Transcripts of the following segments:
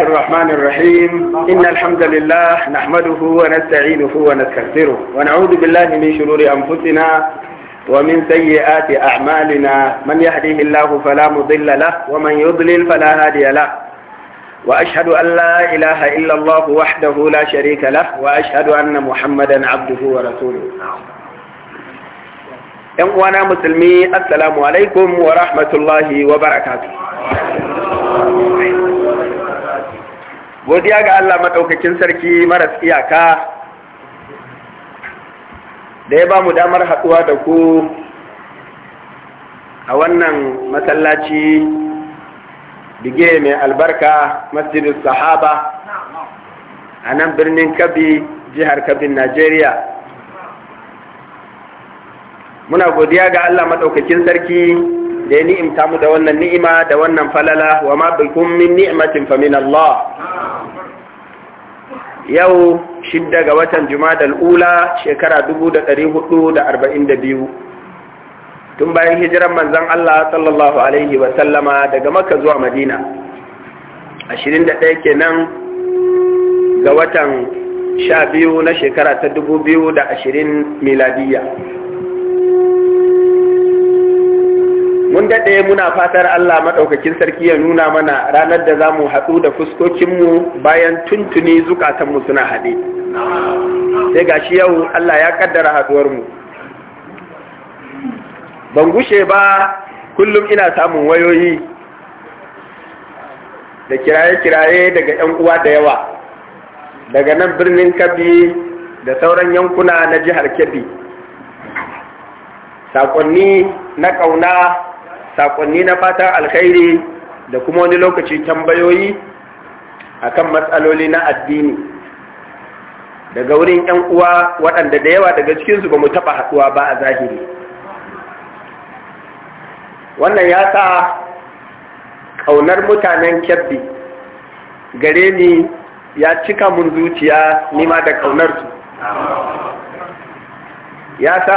الرحمن الرحيم إن الحمد لله نحمده ونستعينه ونستغفره ونعوذ بالله من شرور أنفسنا ومن سيئات أعمالنا من يهديه الله فلا مضل له ومن يضلل فلا هادي له وأشهد أن لا إله إلا الله وحده لا شريك له وأشهد أن محمدا عبده ورسوله ‘Yan uwana السلام عليكم ورحمة الله وبركاته godiya ga Allah maɗaukakin sarki maras iyaka da ya ba mu damar haɗuwa da ku a wannan masallaci bige mai albarka masjidin sahaba a nan birnin kabi jihar kabin najeriya muna godiya ga allah maɗaukakin sarki da ya ni'imta mu da wannan ni'ima da wannan falala wa ma bikum min ni'matin fa min allah yau shidda ga watan jumadal ula shekara biyu. tun bayan hijiran manzan Allah sallallahu alaihi wasallama daga maka zuwa madina ɗaya kenan ga watan biyu na shekara ta ashirin miladiyya mun daɗe muna fatar Allah maɗaukakin sarki ya nuna mana ranar da za mu haɗu da fuskokinmu bayan tuntuni zukatanmu suna haɗe. Sai ga shi yau Allah ya ƙaddara haɗuwarmu. Ban gushe ba kullum ina samun wayoyi da kiraye-kiraye daga ‘yan uwa da yawa, daga nan birnin Kabi da sauran yankuna na jihar Kebbi. Saƙonni na ƙauna Sakonni na fatan alkhairi da kuma wani lokaci tambayoyi akan matsaloli na addini daga wurin 'yan uwa waɗanda da yawa daga cikinsu ba mu taɓa haɗuwa ba a zahiri wannan ya sa ƙaunar mutanen Kebbi gare ni ya cika mun zuciya nima da ƙaunarsu ya sa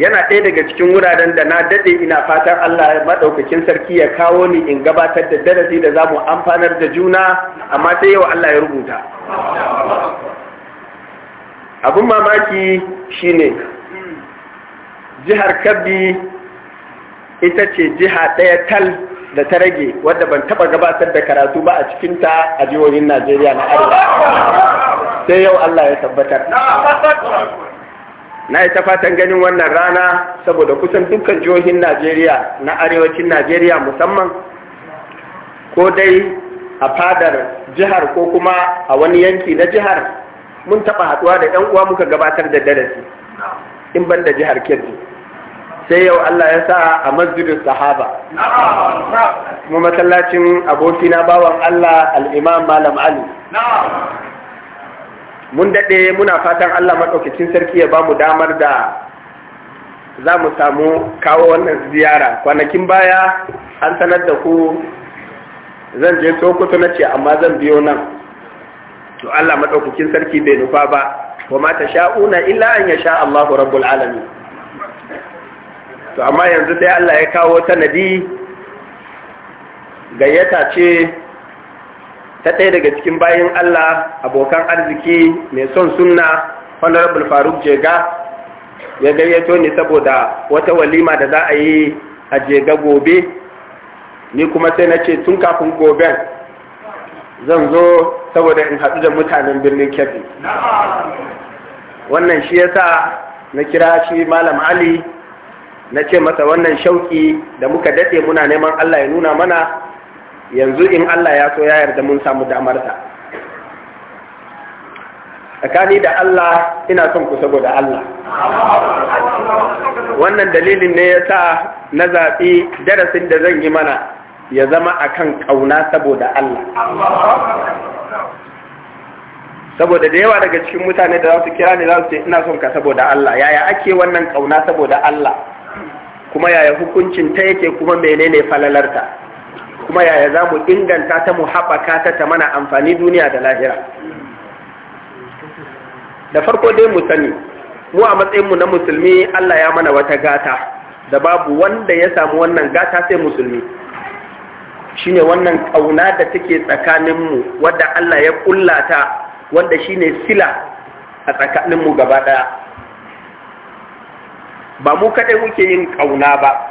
yana ɗaya daga cikin wuraren da na daɗe ina fatan Allah maɗaukakin sarki ya kawo ni in gabatar da darasi da za mu amfanar da juna amma sai yau Allah ya rubuta abin mamaki shi ne. jihar kabbi ita ce jiha ɗaya tal da ta rage wadda ban taɓa gabatar da karatu ba a cikinta a jihohin najeriya na arewa sai yau Allah ya tabbatar na yi ta fatan ganin wannan rana saboda kusan dukkan jihohin najeriya na arewacin najeriya musamman ko dai a fadar jihar ko kuma a wani yanki na jihar mun taɓa haɗuwa da ‘yan uwa muka gabatar da darasi in ban da jihar kirji sai yau allah ya sa a masjidin sahaba kuma masallacin abokina bawan allah al'imam malam ali mun daɗe muna fatan Allah maɗaukacin sarki ya ba mu damar da za mu samu kawo wannan ziyara kwanakin baya an sanar da ku zan je sokoto na ce amma zan biyo nan to Allah maɗaukakin sarki bai nufa ba wa mata sha'una illa an ya sha Allahu rabbul alamin to amma yanzu sai Allah ya kawo sanadi gayyata ce ta ɗaya daga cikin bayan Allah abokan arziki mai son sunna honorable faruk jega ya gayyato ni saboda wata walima da za a yi a jega gobe ni kuma sai na ce tun kafin gobe zan zo saboda in haɗu da mutanen birnin kebbi wannan shi ya sa na kira shi malam ali na ce masa wannan shauki da muka daɗe muna neman Allah ya nuna mana yanzu in Allah ya so ya yarda mun samu damarsa tsakani da Allah ina son ku saboda Allah wannan dalilin ne ya sa na zaɓi darasin da zan yi mana ya zama akan ƙauna saboda Allah saboda da yawa daga cikin mutane da za su kira ni za su ce ina son ka saboda Allah yaya ake wannan ƙauna saboda Allah kuma yaya hukuncin ta yake kuma menene falalarta kuma yaya za mu inganta ta mu haɓaka ta ta mana amfani duniya da lahira da farko dai mu sani mu a matsayinmu na musulmi Allah ya mana wata gata da babu wanda ya samu wannan gata sai musulmi shine wannan ƙauna da take tsakaninmu wadda Allah ya ƙulla wadda wanda shine sila a tsakaninmu gaba ɗaya. ba mu kaɗai muke yin ƙauna ba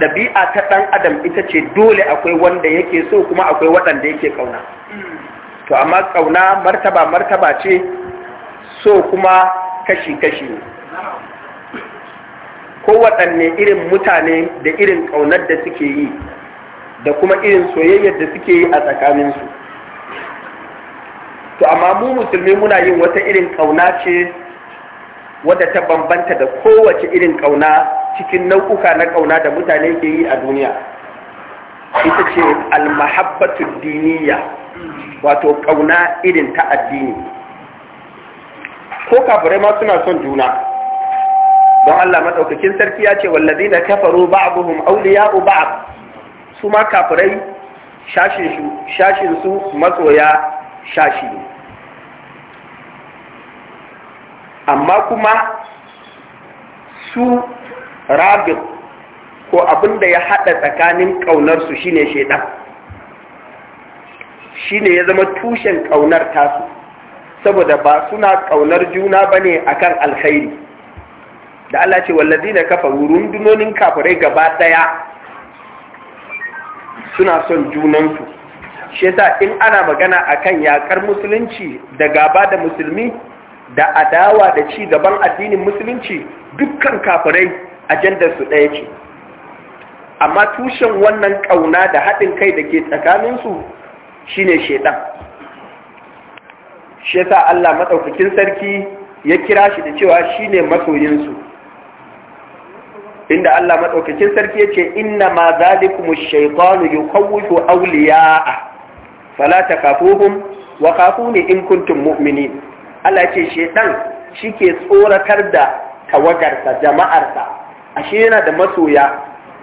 ɗabi'a ta ɗan adam ita ce dole akwai wanda yake so kuma akwai waɗanda yake ƙauna to amma ƙauna martaba martaba ce so kuma kashi-kashi ne kowaɗanne irin mutane da irin ƙaunar da suke yi da kuma irin soyayyar da suke yi a tsakaninsu to amma mu musulmi muna yin wata irin ƙauna ce wadda ta bambanta da kowace irin ƙauna cikin nau'uka na ƙauna da mutane ke yi a duniya ita ce almahabbatu diniya wato ƙauna irin ta addini ko kafirai ma suna son juna don Allah maɗaukakin sarki ya ce wallazi na kafaru ba'abuhum auliya'u ba'ab su ma kafirai shashinsu matsoya shashi amma kuma su rabin ko abin da ya haɗa tsakanin ƙaunarsu shine shaidan shine ya zama tushen ƙaunar tasu saboda ba suna ƙaunar juna ba ne a kan alkhairi da Allah ce wallazi na kafa wurin dunonin kafirai gaba ɗaya suna son junansu shi yasa in ana magana akan yaƙar musulunci da gaba da musulmi da adawa da ci gaban addinin musulunci dukkan kafirai ajandar su ɗaya ce amma tushen wannan ƙauna da haɗin kai da ke tsakaninsu shine shaidan shi Allah maɗaukakin sarki ya kira shi da cewa shine masoyinsu inda Allah maɗaukakin sarki ya ce inna ma zalikumu shaitanu yukawwifu awliya'a fala takafuhum wa khafuni in kuntum mu'minin Allah ce shi ke tsoratar da tawagarsa jama'arsa ashe yana da masoya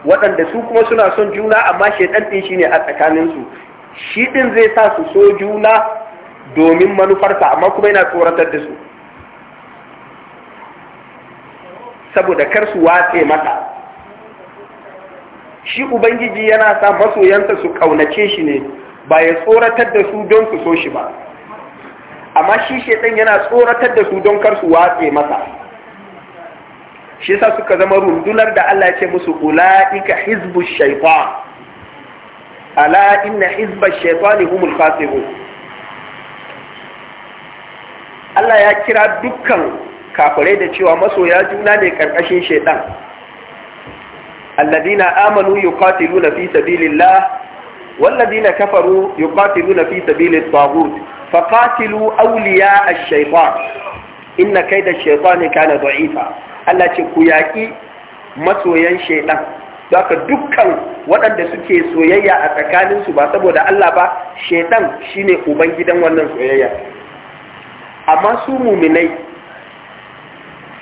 waɗanda su kuma suna son juna amma shaidan ɗin shine a tsakaninsu shi ɗin zai sa su so juna domin manufarsa amma kuma yana tsoratar da su saboda kar su watse mata shi ubangiji yana sa masoyansa su ƙaunace shi ne ba ya tsoratar da su don su so shi ba amma shi shaidan yana tsoratar da su don kar su watse masa shi yasa suka zama rundunar da Allah ya ce musu ulaika hizbu shaytan ala inna hizba shaytani humul khasirun Allah ya kira dukkan kafirai da cewa masoya juna ne karkashin shaytan alladina amanu yuqatiluna fi sabilillah والذين كفروا يقاتلون في سبيل الطاغوت فقاتلوا أولياء الشيطان إن كيد الشيطان كان ضعيفا Allah ce ku yaƙi masoyan shaidan Daka dukkan waɗanda suke soyayya a tsakaninsu ba saboda Allah ba shaidan shine gidan wannan soyayya amma su muminai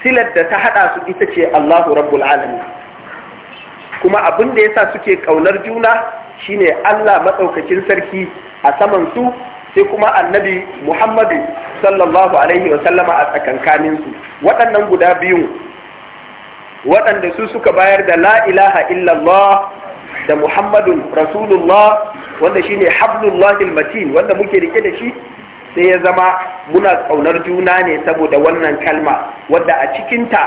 silar da ta haɗa su ita ce Allahu rabbul alamin kuma abin da sa suke ƙaunar juna shine Allah maɗaukakin sarki a saman su sai kuma annabi Muhammadu sallallahu alaihi wa sallama a tsakankaninsu waɗannan guda biyun waɗanda su suka bayar da la ilaha illallah da muhammadun rasulullah wanda shi shine hablullahil matin wanda muke rike da shi sai ya zama muna ƙaunar juna ne saboda wannan kalma wadda a cikinta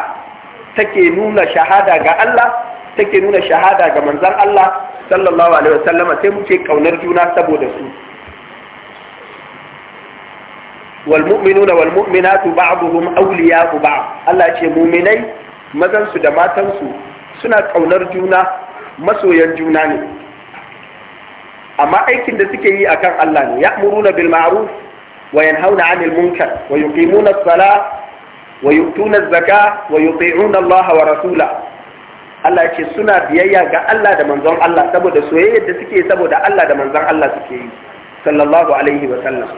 take nuna shahada ga Allah take nuna shahada ga manzan Allah sallallahu alaihi wasallama sai muke ƙaunar juna saboda su wal mu'minuna wal mu'minatu ba'dhum awliya'u ba'd Allah ce mu'minai mazansu da matansu suna ƙaunar juna masoyan juna ne amma aikin da suke yi akan Allah ne ya muruna bil ma'ruf wa yanhauna 'anil munkar wa yuqimuna as-salah wa yu'tuna az-zakah wa yuti'una Allah wa rasula Allah ya ce suna biyayya ga Allah da manzon Allah saboda soyayyar da suke saboda Allah da manzon Allah suke yi sallallahu alaihi wa sallam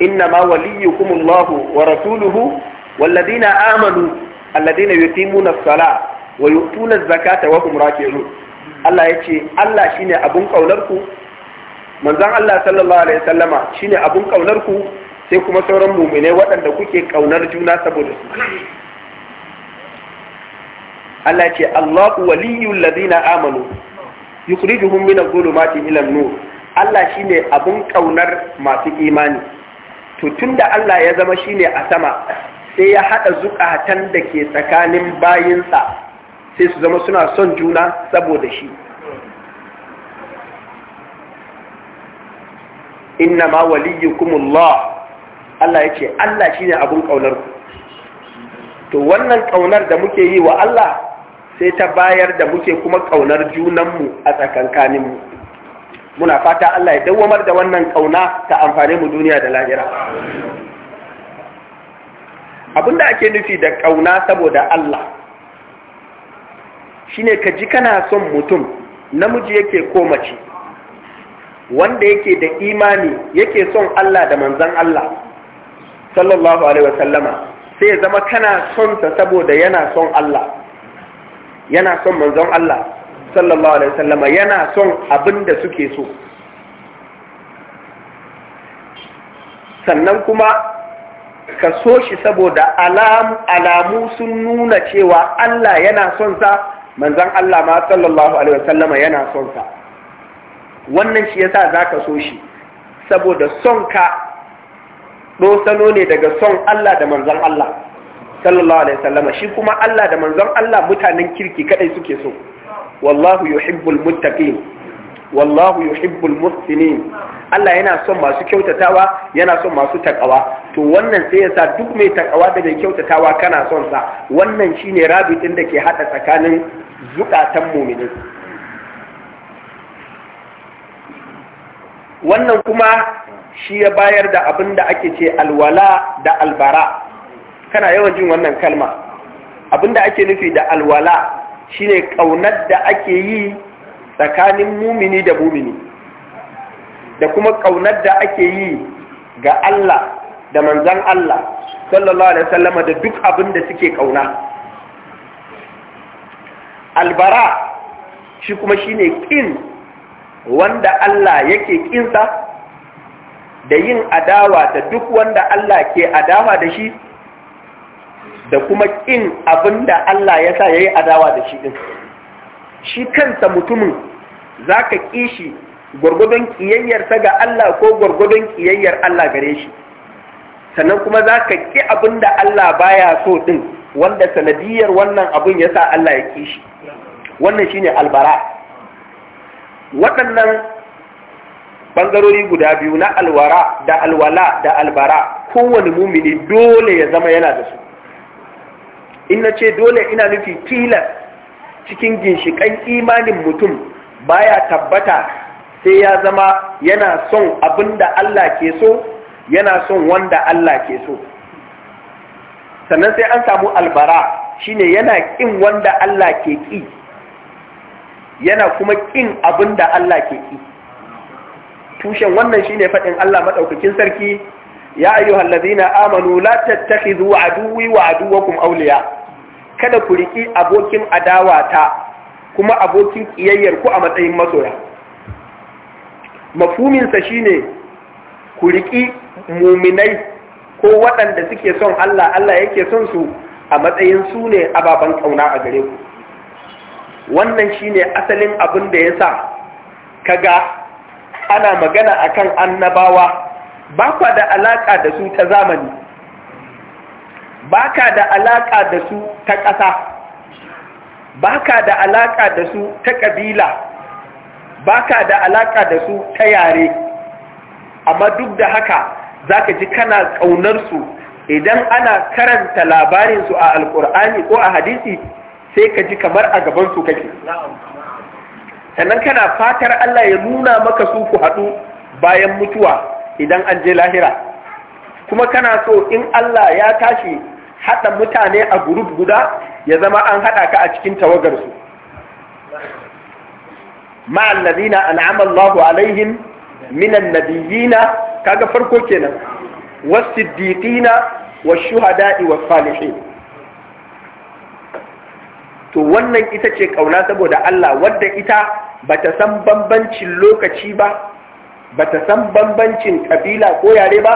inna ma waliyukum Allah wa rasuluhu والذين آمنوا alladina yutimuna sala wa yu'tuna zakata wa hum raki'un Allah yace Allah shine abun kaunar ku manzon Allah sallallahu alaihi wasallama shine abun kaunar ku sai kuma sauran mumine waɗanda kuke kaunar juna saboda su Allah ya ce Allahu waliyul ladina amanu yukhrijuhum min adh-dhulumati ila an-nur Allah shine abun kaunar masu imani to tunda Allah ya zama shine a sama sai ya haɗa zukatan da ke tsakanin bayinsa sai su zama suna son juna saboda shi inna ma waliyyukumullah Allah ya ce Allah shi ne abin ƙaunar ku. to wannan ƙaunar da muke yi wa Allah sai ta bayar da muke kuma ƙaunar junanmu a tsakankaninmu muna fata Allah ya dawwamar da wannan ƙauna ta amfane mu duniya da lahira abinda ake nufi da ƙauna saboda Allah shine ka ji kana son mutum namiji yake ko mace wanda yake da imani yake son Allah da manzan Allah sallallahu alaihi wasallama sai ya zama kana son ta saboda yana son Allah yana son manzon Allah sallallahu alaihi wasallama yana son abin da suke so sannan kuma ka so shi saboda alamu sun nuna cewa Allah yana son sa manzan Allah ma sallallahu alaihi wasallama yana son sa wannan shi yasa zaka so shi saboda son ka salo ne daga son Allah da manzan Allah sallallahu alaihi wasallama shi kuma Allah da manzan Allah mutanen kirki kadai suke so wallahu yuhibbul muttaqin wallahu yuhibbul muhsinin Allah yana son masu kyautatawa yana son masu takawa to wannan sai yasa duk mai takawa da mai kyautatawa kana son sa wannan shine rabitin da ke hada tsakanin zukatan mu'minin wannan kuma shi ya bayar da abin da ake ce alwala da albara kana yawan jin wannan kalma abin da ake nufi da alwala shine kaunar da ake yi tsakanin mumini da mumini da kuma ƙaunar da ake yi ga Allah da manzan Allah sallallahu alaihi wasallama da duk abin da suke ƙauna albara shi kuma shine ƙin wanda Allah yake ƙinsa da yin adawa da duk wanda Allah ke adawa da shi da kuma ƙin abin da Allah ya sa ya yi adawa da shi ɗin shi kansa mutumin za ka ƙi shi gwargwadon ƙiyayyarsa ga Allah ko gwargwadon kiyayyar Allah gare shi sannan kuma za ka ƙi abin da Allah baya so ɗin wanda sanadiyar wannan abin ya sa Allah ya ƙi shi wannan shine albara waɗannan ɓangarori guda biyu na alwara da alwala da albara kowane mumini dole ya zama yana da su in na ce dole ina nufi tilas cikin ginshiƙan imanin mutum baya tabbata sai ya zama yana son abin da Allah ke so yana son wanda Allah ke so sannan sai an samu albara shine yana ƙin wanda Allah ke ƙi yana kuma ƙin abin da Allah ke ƙi tushen wannan shine faɗin Allah maɗaukakin sarki ya ayyuhal ladina amanu la tattakhidhu aduwwi wa aduwwakum awliya kada ku riƙi abokin adawata kuma abokin ƙiyayyar ku a matsayin masoya mafuminsa shine ku riƙi muminai ko waɗanda suke son Allah Allah yake son su a matsayin su ne ababen ƙauna a gare ku wannan shine asalin abin da ya sa kaga ana magana akan annabawa ba kwa da alaƙa da su ta zamani ba ka da alaƙa da su ta ƙasa ba ka da alaƙa da su ta ƙabila baka da alaka da su ta yare amma duk da haka zaka ji kana ƙaunar su idan ana karanta labarinsu a alkur'ani ko a hadisi sai ka ji kamar a gaban su kake sannan kana fatar Allah ya nuna maka su ku haɗu bayan mutuwa idan an je lahira kuma kana so in Allah ya tashi haɗa mutane a gurub guda ya zama an haɗa ka a cikin tawagarsu ma allazina an'ama Allahu alaihim minan nabiyina kaga farko kenan wasiddiqina washuhada'i to wannan ita ce ƙauna saboda Allah wadda ita bata san bambancin lokaci ba bata san bambancin kabila ko yare ba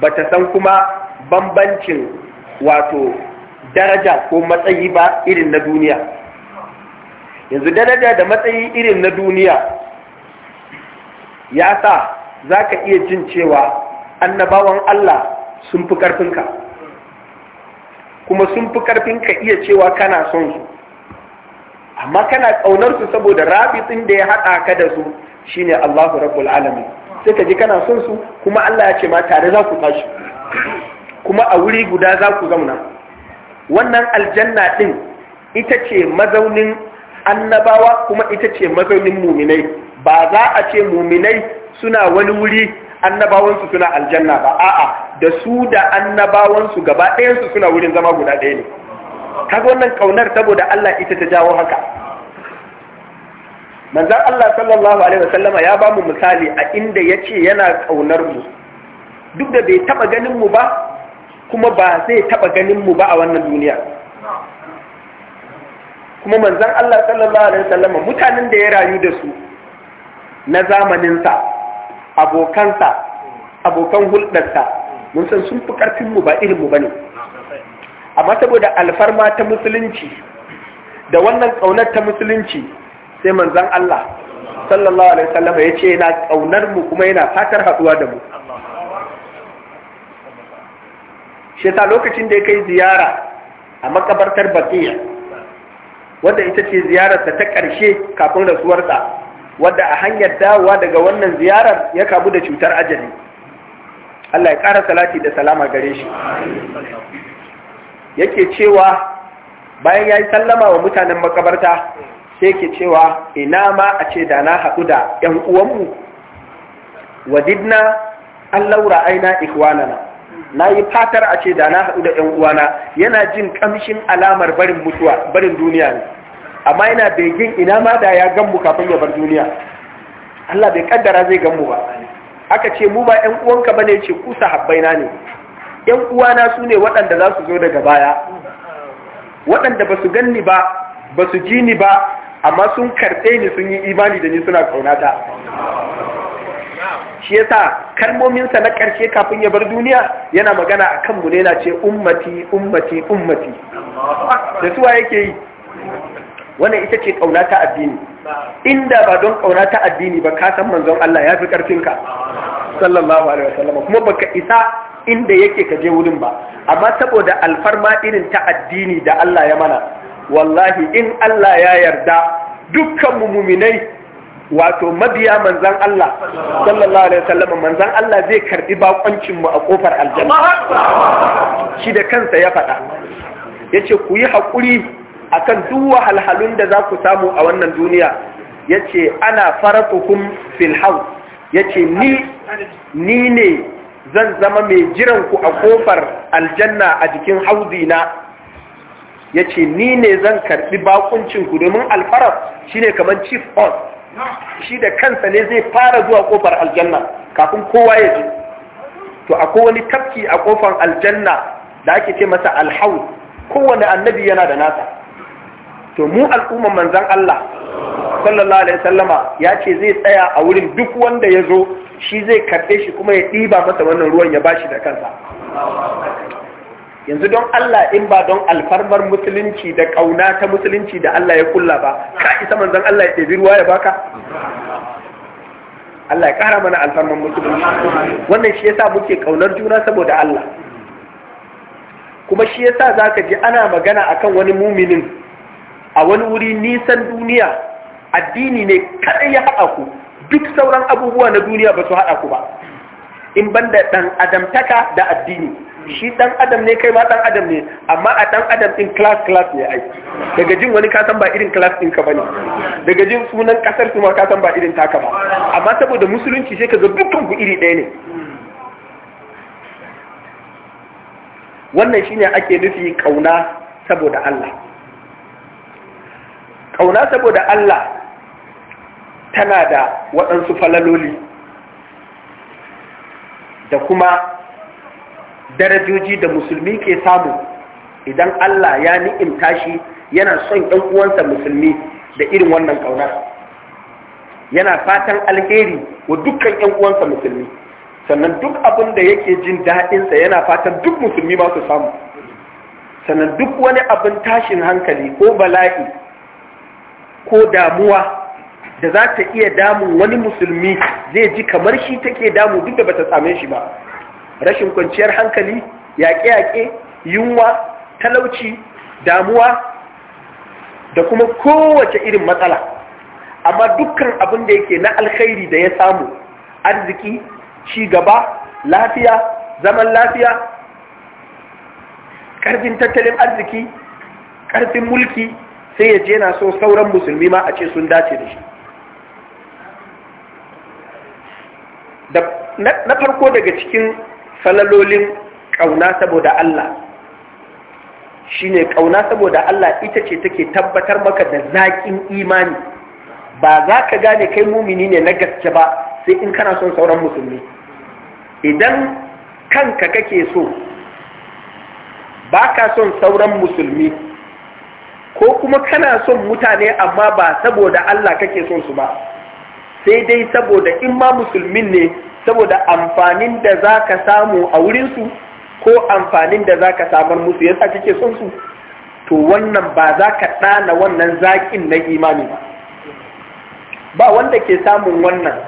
bata san kuma bambancin wato daraja ko matsayi ba irin na duniya yanzu daraja da matsayi irin na duniya ya sa za ka iya jin cewa annabawan Allah sun fi ƙarfinka kuma sun fi ƙarfinka iya cewa kana son su amma kana ƙaunarsu su saboda rabitsin da ya haɗa ka da su ne Allahu rabbul alamin sai ka ji kana son su kuma Allah ya ce ma tare za ku tashi kuma a wuri guda za ku zauna wannan aljanna ɗin ita ce mazaunin annabawa kuma ita ce mazaunin muminai ba za a ce muminai suna wani wuri annabawansu suna aljanna ba a'a da su da annabawansu gaba ɗayansu suna wurin zama guda ɗaya ne kaga wannan kaunar saboda Allah ita ta jawo haka manzon Allah sallallahu alaihi wasallama ya bamu misali a inda yace yana kaunar mu duk da bai taba ganin mu ba kuma ba zai taba ganin mu ba a wannan duniya kuma manzan Allah sallallahu alaihi wasallam mutanen da ya rayu da su na zamaninsa abokansa abokan hulɗarsa mun san sun fi ƙarfin mu ba irin mu bane amma saboda alfarma ta musulunci da wannan ƙaunar ta musulunci sai manzan Allah sallallahu alaihi wasallam ya ce yana ƙaunar mu kuma yana fatar haɗuwa da mu shi lokacin da ya kai ziyara a makabartar baqiya wadda ita ce ziyararsa ta ƙarshe kafin rasuwarsa wadda a hanyar dawowa daga wannan ziyarar ya kamu da cutar ajali Allah ya ƙara salati da salama gare shi yake cewa bayan ya yi sallama wa mutanen makabarta sai ke cewa ina ma a ce da na haɗu da ‘yan uwanmu wadidna an laura aina ikwanana na yi fatar a ce da na haɗu da ‘yan uwana yana jin ƙamshin alamar barin mutuwa barin duniya ne amma yana begin ina ma da ya gan kafin ya bar duniya Allah bai kaddara zai gan ba aka ce mu ba ‘yan uwanka bane ce ku sahabbaina ne ‘yan uwana su ne waɗanda za su zo daga baya waɗanda ba su ganni ba ba su ji ni ba amma sun karɓe ni sun yi imani da ni suna ƙaunata shi yasa kalmominsa na ƙarshe kafin ya bar duniya yana magana a kan mu ne na ce ummati ummati ummati da suwa yake yi wannan ita ce ƙauna ta addini inda ba don ƙauna ta addini ba ka san manzon Allah ya fi ƙarfinka sallallahu alaihi wasallam kuma baka isa inda yake ka je wurin ba amma saboda alfarma irin ta addini da Allah ya mana wallahi in Allah ya yarda dukkan mu muminai wato mabiya manzan Allah sallallahu alaihi wasallam manzan Allah zai karbi bakoncin mu a kofar aljanna shi da kansa ya faɗa yace ku yi hakuri akan duk wahalhalun da za ku samu a wannan duniya yace ana faratukum fil haus yace ni ni ne zan zama mai jiran ku a kofar aljanna a jikin haudina na yace ni ne zan karbi bakuncin ku domin alfarar shine kamar chief host shi da kansa ne zai fara zuwa kofar aljanna kafin kowa ya zo to akwai wani tafki a kofar aljanna da ake ce masa alhau kowane annabi yana da nasa to mu al'umman manzan Allah sallallahu alaihi wasallama ya ce zai tsaya a wurin duk wanda ya zo shi zai karɓe shi kuma ya ɗiba masa wannan ruwan ya bashi da kansa yanzu don Allah in ba don alfarmar musulunci da kauna ta musulunci da Allah ya kulla ba ka isa manzon Allah ya ɗebi ruwa ya baka Allah ya ƙara mana alfarmar musulunci wannan shi yasa muke kaunar juna saboda Allah kuma shi yasa ka ji ana magana akan wani muminin a wani wuri nisan duniya addini ne kaɗai ya haɗa ku duk sauran abubuwa na duniya ba su haɗa ku ba in banda dan adamtaka da addini shi dan adam ne kai ma dan adam ne amma a dan adam din class class ne ai daga jin wani ka san ba irin class din ka bane daga jin sunan kasar su ma ka san ba irin taka ba amma saboda musulunci sai ka ga dukkan ku iri ɗaya ne wannan shine ake nufi kauna saboda Allah kauna saboda Allah tana da waɗansu falaloli da kuma darajoji da musulmi ke samu idan Allah ya ni'imta tashi yana son ɗan uwansa musulmi da irin wannan ƙaunar yana fatan alheri wa dukkan ‘yan uwansa musulmi sannan duk abin da yake jin daɗinsa yana fatan duk musulmi ba su samu sannan duk wani abin tashin hankali ko bala'i ko damuwa da za ta iya damun wani musulmi zai ji kamar shi take damu duk da bata same shi ba rashin kwanciyar hankali yaƙe-yaƙe yunwa talauci damuwa da kuma kowace irin matsala amma dukkan abin da yake na alkhairi da ya samu arziki ci gaba lafiya zaman lafiya ƙarfin tattalin arziki ƙarfin mulki sai ya je na so sauran musulmi ma a ce sun dace da shi na farko daga cikin falalolin ƙauna saboda Allah shi ne ƙauna saboda Allah ita ce take tabbatar maka da zaƙin imani ba za ka gane kai mumini ne na gaske ba sai in kana son sauran musulmi idan kanka kake so ba ka son sauran musulmi ko kuma kana son mutane amma ba saboda Allah kake son su ba sai dai saboda in ma musulmin ne saboda amfanin da za ka samu a wurinsu ko amfanin da za ka samar musu yasa kake son su to wannan ba za ka ɗana wannan zaƙin na imani ba ba wanda ke samun wannan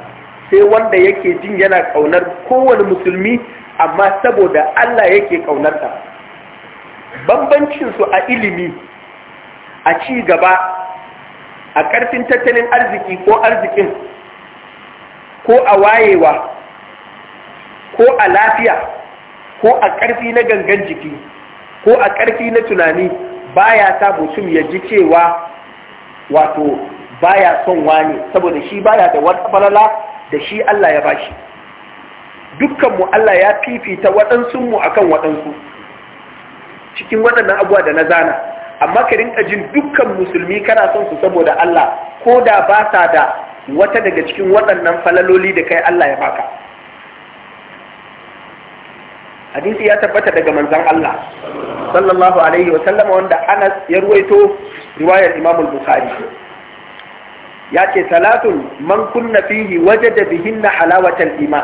sai wanda yake jin yana ƙaunar kowane musulmi amma saboda Allah yake ƙaunarta bambancinsu a ilimi a ci gaba a ƙarfin tattalin arziki ko arzikin ko a wayewa ko a lafiya ko a ƙarfi na gangan jiki ko a ƙarfi na tunani baya sa mutum ya ji cewa wato baya son wani saboda shi baya da wata falala da shi Allah ya bashi dukkanmu Allah ya fifita waɗansunmu a kan waɗansu cikin waɗannan abuwa da na zana amma ka rinka jin dukkan musulmi kana son su saboda Allah ko da ba sa da wata daga cikin waɗannan falaloli da kai Allah ya baka hadisi ya tabbata daga manzan Allah sallallahu alaihi wasallama wanda Anas ya ruwaito riwayar imamul Bukhari ya ce salatun man kunna fihi wajada bihinna halawatal Ima".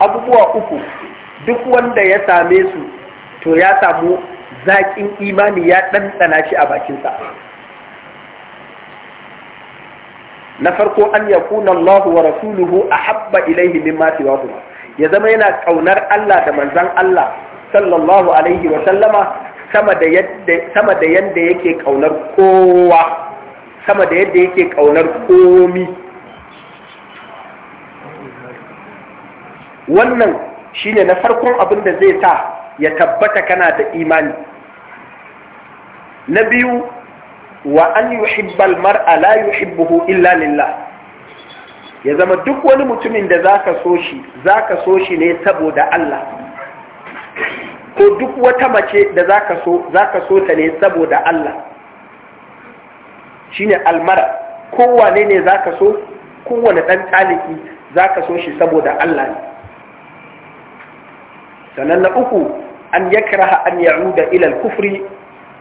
abubuwa uku duk wanda ya same su to ya samu zaƙin imani ya ɗanɗana shi a bakinsa na farko an kuna Allahu wa rasuluhu ahabba ilaihi mimma siwahuma ya zama yana kaunar Allah da manzon Allah sallallahu alaihi wa sallama sama da yadda sama da yanda yake kaunar kowa sama da yadda yake kaunar komi wannan shine na farkon abin da zai sa ya tabbata kana da imani na biyu wa an yuhibbal mar'a la yuhibbuhu illa lillah ya zama duk wani mutumin da zaka so shi zaka so shi ne saboda Allah ko duk wata mace da zaka so zaka so ta ne saboda Allah shine almara kowane ne zaka so kowane dan taliki zaka so shi saboda Allah ne na uku an yakraha an ya'uda ila al-kufri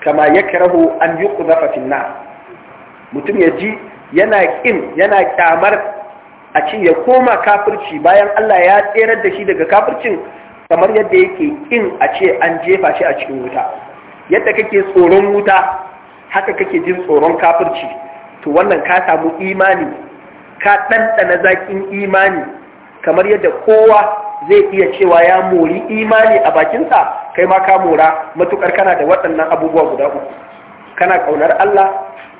kama yakrahu an yuqdhafa fi finna mutum ya ji yana ƙin yana kyamar a ce ya koma kafirci bayan Allah ya tserar da shi daga kafircin kamar yadda yake ƙin a ce an jefa shi a cikin wuta yadda kake tsoron wuta haka kake jin tsoron kafirci to wannan ka samu imani ka ɗanɗana zaƙin imani kamar yadda kowa zai iya cewa ya mori imani a bakinsa kai ma ka mora matukar kana da waɗannan abubuwa guda uku kana ƙaunar Allah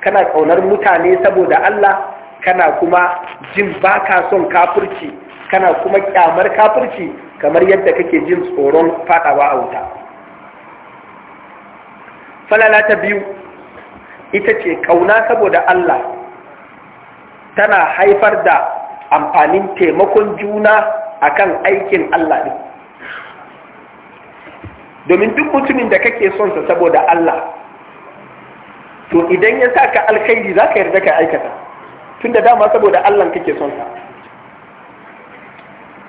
kana ƙaunar mutane saboda Allah kana kuma jin baka son kafirci kana kuma kyamar kafirci kamar yadda kake jin tsoron fadawa a wuta falala ta biyu ita ce ƙauna saboda Allah tana haifar da amfanin taimakon juna akan aikin Allah ɗin domin duk mutumin da kake son sa saboda Allah to idan ya sa ka alkhairi zaka yarda ka aikata tunda dama saboda Allah kake son sa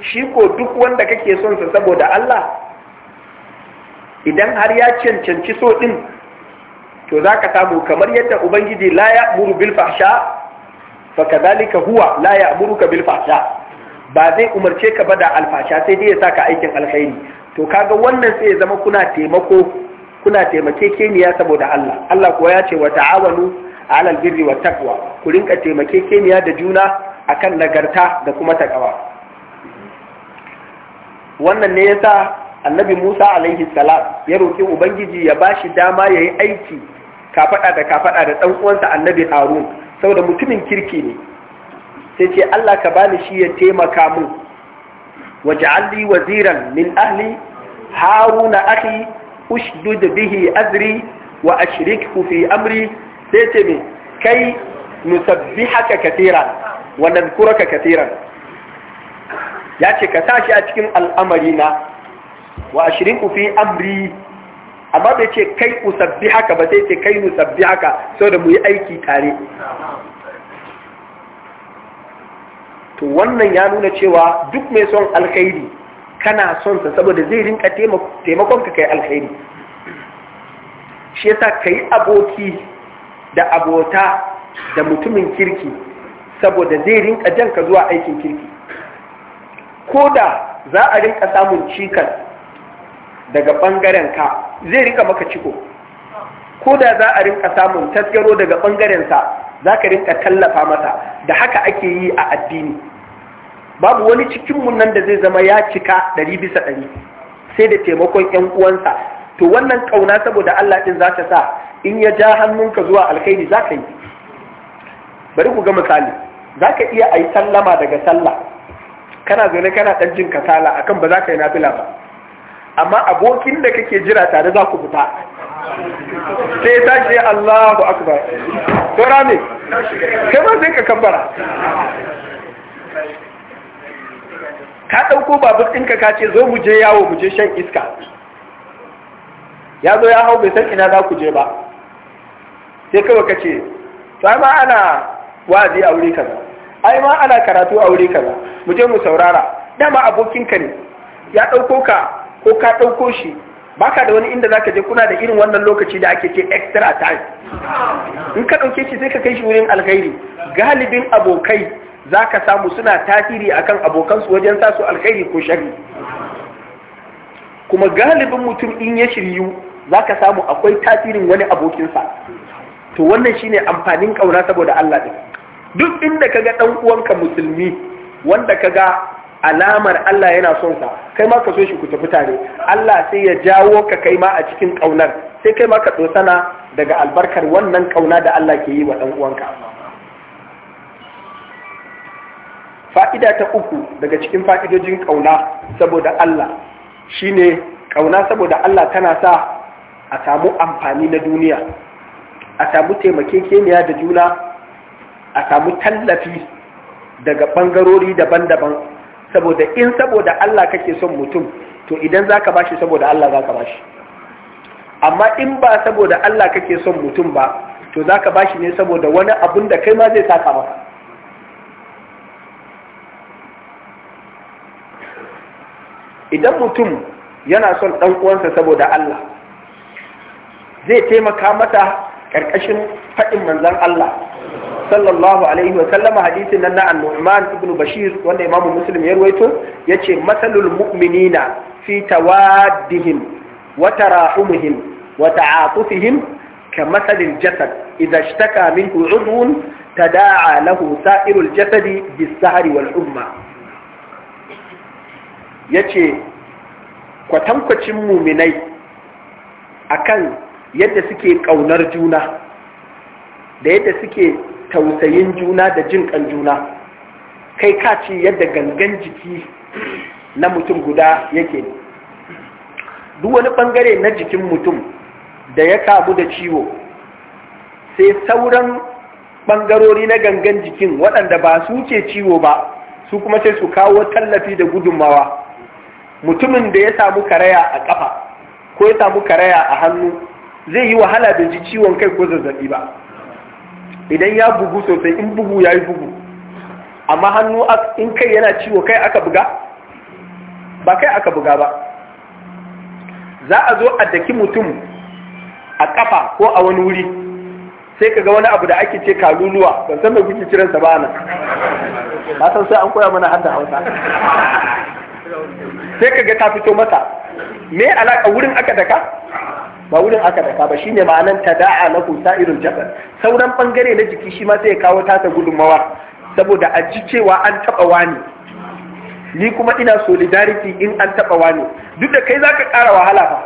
shi ko duk wanda kake son sa saboda Allah idan har ya cancanci so ɗin to za samu kamar yadda ubangiji la ya muru bil fahsha fa ka huwa la ya muru bil fahsha ba zai umarce ka ba da alfasha sai dai ya sa ka aikin alkhairi to kaga wannan sai ya zama kuna taimako kuna niya saboda Allah Allah kuwa ya ce wa ta'awanu alal birri wa taqwa ku rinka taimake niya da juna akan nagarta da kuma takawa wannan ne yasa annabi Musa alaihi salam ya roki ubangiji ya bashi dama yayi aiki kafada da kafada da dan uwansa annabi Harun saboda mutumin kirki ne sai ce Allah ka bani shi ya taimaka mu waj'alli waziran min ahli haruna akhi ushdud bihi azri wa ashrikhu fi amri sai ce me kai nusabbihaka katiran wa nadhkuraka katiran ya ce ka tashi a cikin al'amari na wa ashrikhu fi amri amma bai ce kai usabbihaka ba sai ce kai nusabbihaka saboda mu yi aiki tare to wannan ya nuna cewa duk mai son alkhairi kana son sa saboda zai rinka taimakon ka kai alkhairi shi yasa kai aboki da abota da mutumin kirki saboda zai rinka jan ka zuwa aikin kirki ko da za a rinka samun cikas daga ɓangaren ka zai rinka maka ciko ko da za a rinka samun tasgaro daga sa za ka rinka tallafa masa da haka ake yi a addini babu wani cikinmu nan da zai zama ya cika ɗari bisa ɗari sai da taimakon ‘yan uwansa to wannan ƙauna saboda Allah ɗin za ta sa in ya ja hannunka zuwa alkhairi za ka yi bari ku ga misali za ka iya a sallama daga sallah kana zaune kana ɗan jin kasala akan ba za ka yi nafila ba amma abokin da kake jira tare za ku fita sai ta ce Allahu akbar saura ne. kai ma sai ka kabbara ka ɗauko babur ɗinka ka ce zo mu je yawo mu je shan iska ya zo ya hau bai san ina za ku je ba sai kawai ka ce to ai ma ana wa'azi a wuri kaza ai ma ana karatu a wuri kaza mu je mu saurara dama abokinka ne ya ɗauko ka ko ka ɗauko shi baka da wani inda zaka je kuna da irin wannan lokaci da ake ce extra time in ka dauke shi sai ka kai shi wurin alkhairi galibin abokai zaka samu suna tasiri akan abokan wajen sa su alkhairi ko shari. kuma galibin mutum in ya shiryu zaka samu akwai tasirin wani abokin sa to wannan shine amfanin kauna saboda Allah din duk inda kaga dan uwanka musulmi wanda kaga alamar Allah yana son sa kai ma ka so shi ku tafi tare Allah sai ya jawo ka kai ma a cikin kaunar sai kai ma ka sana daga albarkar wannan kauna da Allah ke yi wa dan uwanka fa'ida ta uku daga cikin fa'idojin kauna saboda Allah shine kauna saboda Allah tana sa a samu amfani na duniya a samu taimakekeniya da juna a samu tallafi daga ɓangarori daban-daban saboda in saboda Allah kake son mutum to idan za ba bashi saboda Allah za ba bashi amma in ba saboda Allah kake son mutum ba to za ba bashi ne saboda wani abun da kai ma zai saka maka idan mutum yana son ɗan uwansa saboda Allah zai taimaka mata karkashin faɗin manzon Allah sallallahu alaihi wa sallama hadisin nan na an ibn Bashir wanda Imam Muslim ya ruwaito yace masalul mu'minina fi tawaddihim wa tarahumihim wa ta'atufihim كمثل الجسد إذا اشتكى منه عضو sairul jasadi سائر الجسد wal umma, yace kwatankwacin muminai akan yadda suke ƙaunar juna da yadda suke tausayin juna da jin ƙan juna kai ka ce yadda gangan jiki na mutum guda yake duk wani ɓangare na jikin mutum da ya kamu da ciwo sai sauran ɓangarori na gangan jikin waɗanda ba su ce ciwo ba su kuma sai su kawo tallafi da gudunmawa mutumin da ya samu karaya a ƙafa ko ya samu karaya a hannu zai yi wahala da ji ciwon kai ko zazzabi ba idan ya bugu sosai in bugu ya yi bugu amma hannu in kai yana ciwo kai aka buga ba kai aka buga ba za a zo a daki mutum a kafa ko a wani wuri sai ka ga wani abu da ake ce kaluluwa ban san mai kuke kiransa ba nan ba san sai an koya mana hadda hausa sai ka ga ta fito mata me alaka wurin aka daka ba wurin aka daka ba shine ma'anan na kusa Irin jabal sauran bangare na jiki shi ma sai kawo tasa gudunmawa saboda a ji cewa an taɓa wani ni kuma ina solidarity in an taba wani duk da kai zaka ƙara wahala fa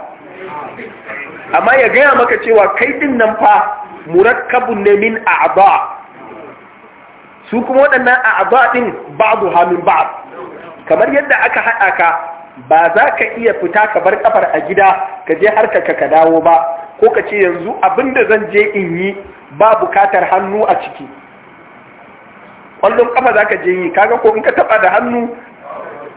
amma ya gaya maka cewa kai din nan fa murakkabun ne min a'ba su kuma waɗannan a'ba din babu hamin min ba'd kamar yadda aka haɗa ka ba za ka iya fita ka bar kafar a gida ka je harka ka dawo ba ko ka ce yanzu abinda zan je in yi ba bukatar hannu a ciki ƙwallon kafa za ka je yi kaga ko in ka taba da hannu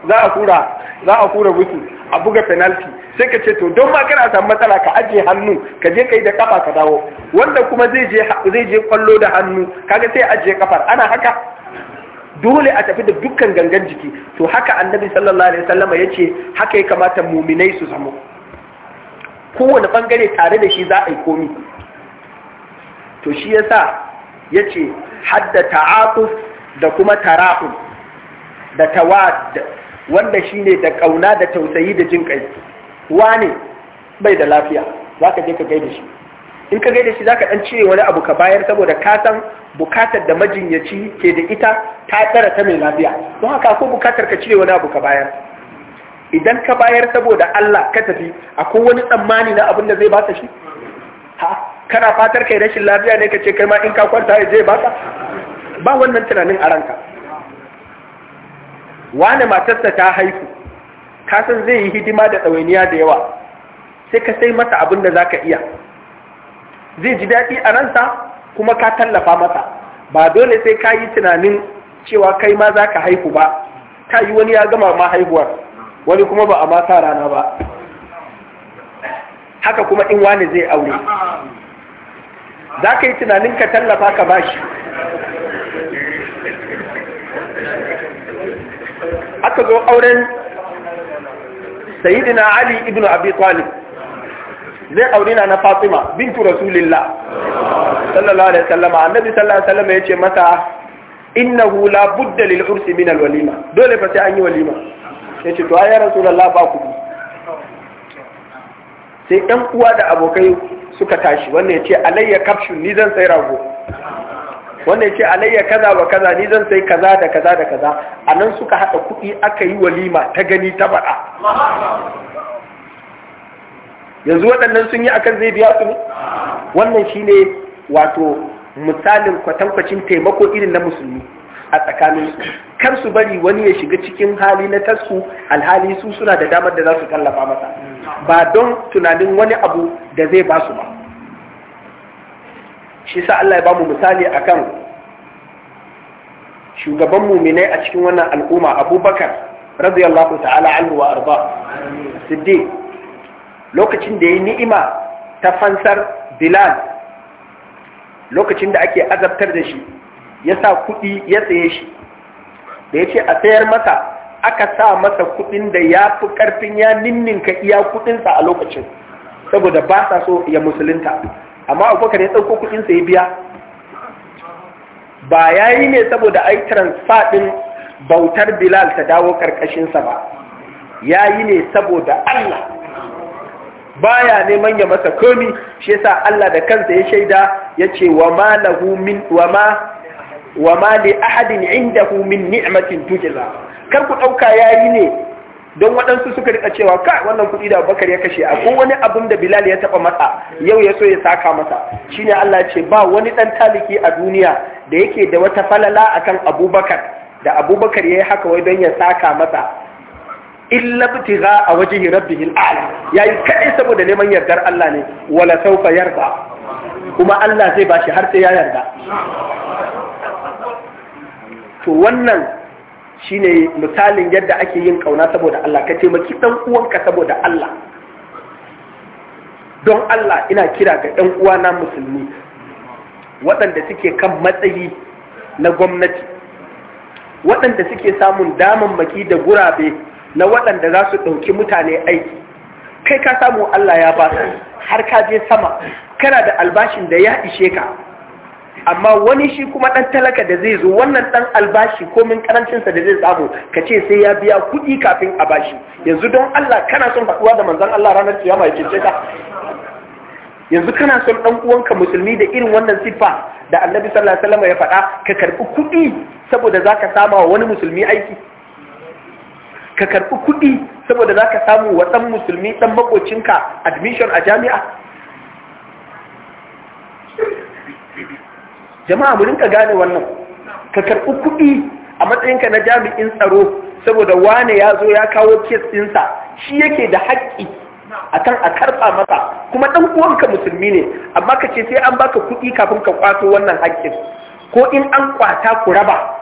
za a kura za a kura wusu a buga penalty sai ka ce to don ma kana samu matsala ka ajiye hannu ka je kai da kafa ka dawo wanda kuma zai je zai kwallo da hannu kaga sai ajiye kafar ana haka dole a tafi da dukkan gangan jiki to haka annabi sallallahu alaihi wasallama yace haka ya kamata muminai su zamo kowane bangare tare da shi za a yi komi to shi yasa yace hadda ta'atuf da kuma tara'u da tawad wanda shine da kauna da tausayi da jin kai wane bai da lafiya zaka je ka gaida shi in ka gaida shi zaka dan cire wani abu ka bayar saboda ka san bukatar da majinyaci ke da ita ta tsara ta mai lafiya don haka ko bukatar ka cire wani abu ka bayar idan ka bayar saboda Allah ka tafi akwai wani tsammani na abin da zai baka shi ha kana fatar kai rashin lafiya ne ka ce kai ma in ka kwanta ya zai baka ba wannan tunanin a ranka wani matarsa ta haifu san zai yi hidima da tsawainiya da yawa sai ka sai mata abin da za ka iya zai ji daɗi a ransa kuma ka tallafa masa ba dole sai ka yi tunanin cewa kai ma za ka haihu ba ta yi wani ya gama ma haihuwar wani kuma ba a ma sa rana ba haka kuma in wani zai aure za ka yi tunanin ka tallafa ka bashi aka zo auren sayidina ali ibn abi talib zai aure na Fatima bintu Rasulillah sallallahu alaihi wasallam annabi sallallahu alaihi wasallam yace mata innahu la budda lil ursi min al walima dole fa sai an yi walima yace to ayya Rasulullah ba ku sai ɗan uwa da abokai suka tashi wannan yace alayya kafshu ni zan sai rago wannan yace alayya kaza wa kaza ni zan sai kaza da kaza da kaza anan suka hada kuɗi aka yi walima ta gani ta faɗa yanzu waɗannan sun yi akan zai biya su ne wannan shine wato misalin kwatankwacin taimako irin na musulmi a tsakanin su kar su bari wani ya shiga cikin hali na tasku, alhali su suna da damar da za su tallafa masa ba don tunanin wani abu da zai ba su ba shi sa Allah ya bamu misali akan shugaban muminai a cikin wannan al'umma abubakar radiyallahu ta'ala anhu wa arba lokacin da ya ni'ima ta fansar bilal lokacin da ake azabtar da shi ya sa kuɗi ya tsaye shi da ya ce a sayar masa aka sa masa kuɗin da ya fi ƙarfin ya ninninka iya kuɗinsa a lokacin saboda ba sa so ya musulunta amma abubakar ya ɗauko kuɗinsa ya biya ba ya yi ne saboda ai transfer ɗin bautar bilal ta dawo ƙarƙashinsa ba ya yi ne saboda allah baya neman ya masa komi shi yasa Allah da kansa ya shaida yace wa ma lahu min wa ma wa ma li ahadin indahu min ni'matin tujza kar ku dauka yayi ne don waɗansu suka rika cewa ka wannan kuɗi da Abubakar ya kashe a wani abun da Bilal ya taɓa masa yau ya so ya saka masa shine Allah ce ba wani ɗan taliki a duniya da yake da wata falala akan Abubakar da Abubakar yayi haka wai don ya saka masa illa za a rabbi rabbihil a'la yi kaɗai saboda neman yardar Allah ne wala saufa yarda kuma Allah zai ba shi har sai ya yarda to wannan shine misalin yadda ake yin kauna saboda Allah ka taimaki ɗan uwanka saboda Allah don Allah ina kira ga ɗan uwana musulmi waɗanda suke kan matsayi na gwamnati waɗanda suke samun damammaki da gurabe na waɗanda za su ɗauki mutane aiki kai ka samu Allah ya ba su har ka je sama kana da albashin da ya ishe ka amma wani shi kuma ɗan talaka da zai zo wannan ɗan albashi komin ƙarancinsa da zai samu ka ce sai ya biya kuɗi kafin a bashi yanzu don Allah kana son faɗuwa da manzan Allah ranar kiyama ya cece ka yanzu kana son ɗan uwanka musulmi da irin wannan siffa da annabi sallallahu alaihi wasallam ya faɗa ka karɓi kuɗi saboda zaka sama wa wani musulmi aiki ka karɓi kuɗi saboda za ka samu wa ɗan musulmi ɗan makocinka admission a jami'a jama'a mu rinka gane wannan ka karɓi kuɗi a matsayinka na jami'in tsaro saboda wane ya zo ya kawo kes ɗinsa shi yake da haƙƙi akan a karɓa masa kuma ɗan uwanka musulmi ne amma ka ce sai an baka kuɗi kafin ka kwato wannan haƙƙin ko in an kwata ku raba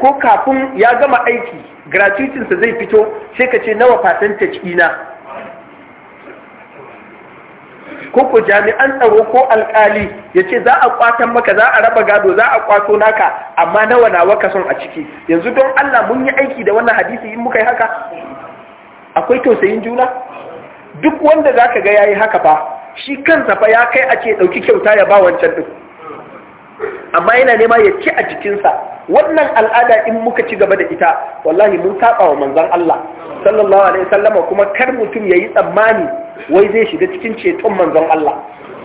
ko kafin ya gama aiki gratuitinsa zai fito sai ka ce nawa percentage ina ko ku jami'an tsaro ko alkali ya ce za a kwatan maka za a raba gado za a kwato naka amma nawa nawa ka son a ciki yanzu don Allah mun yi aiki da wannan hadisi in muka yi haka akwai tausayin juna duk wanda za ka ga ya yi haka fa shi kansa fa ya kai a ce ɗauki kyauta ya ba wancan duk. amma yana nema ya ci a jikinsa wannan al'ada in muka ci gaba da ita wallahi mun saba wa manzon Allah sallallahu alaihi wasallama kuma kar mutum yayi tsammani wai zai shiga cikin ceton manzon Allah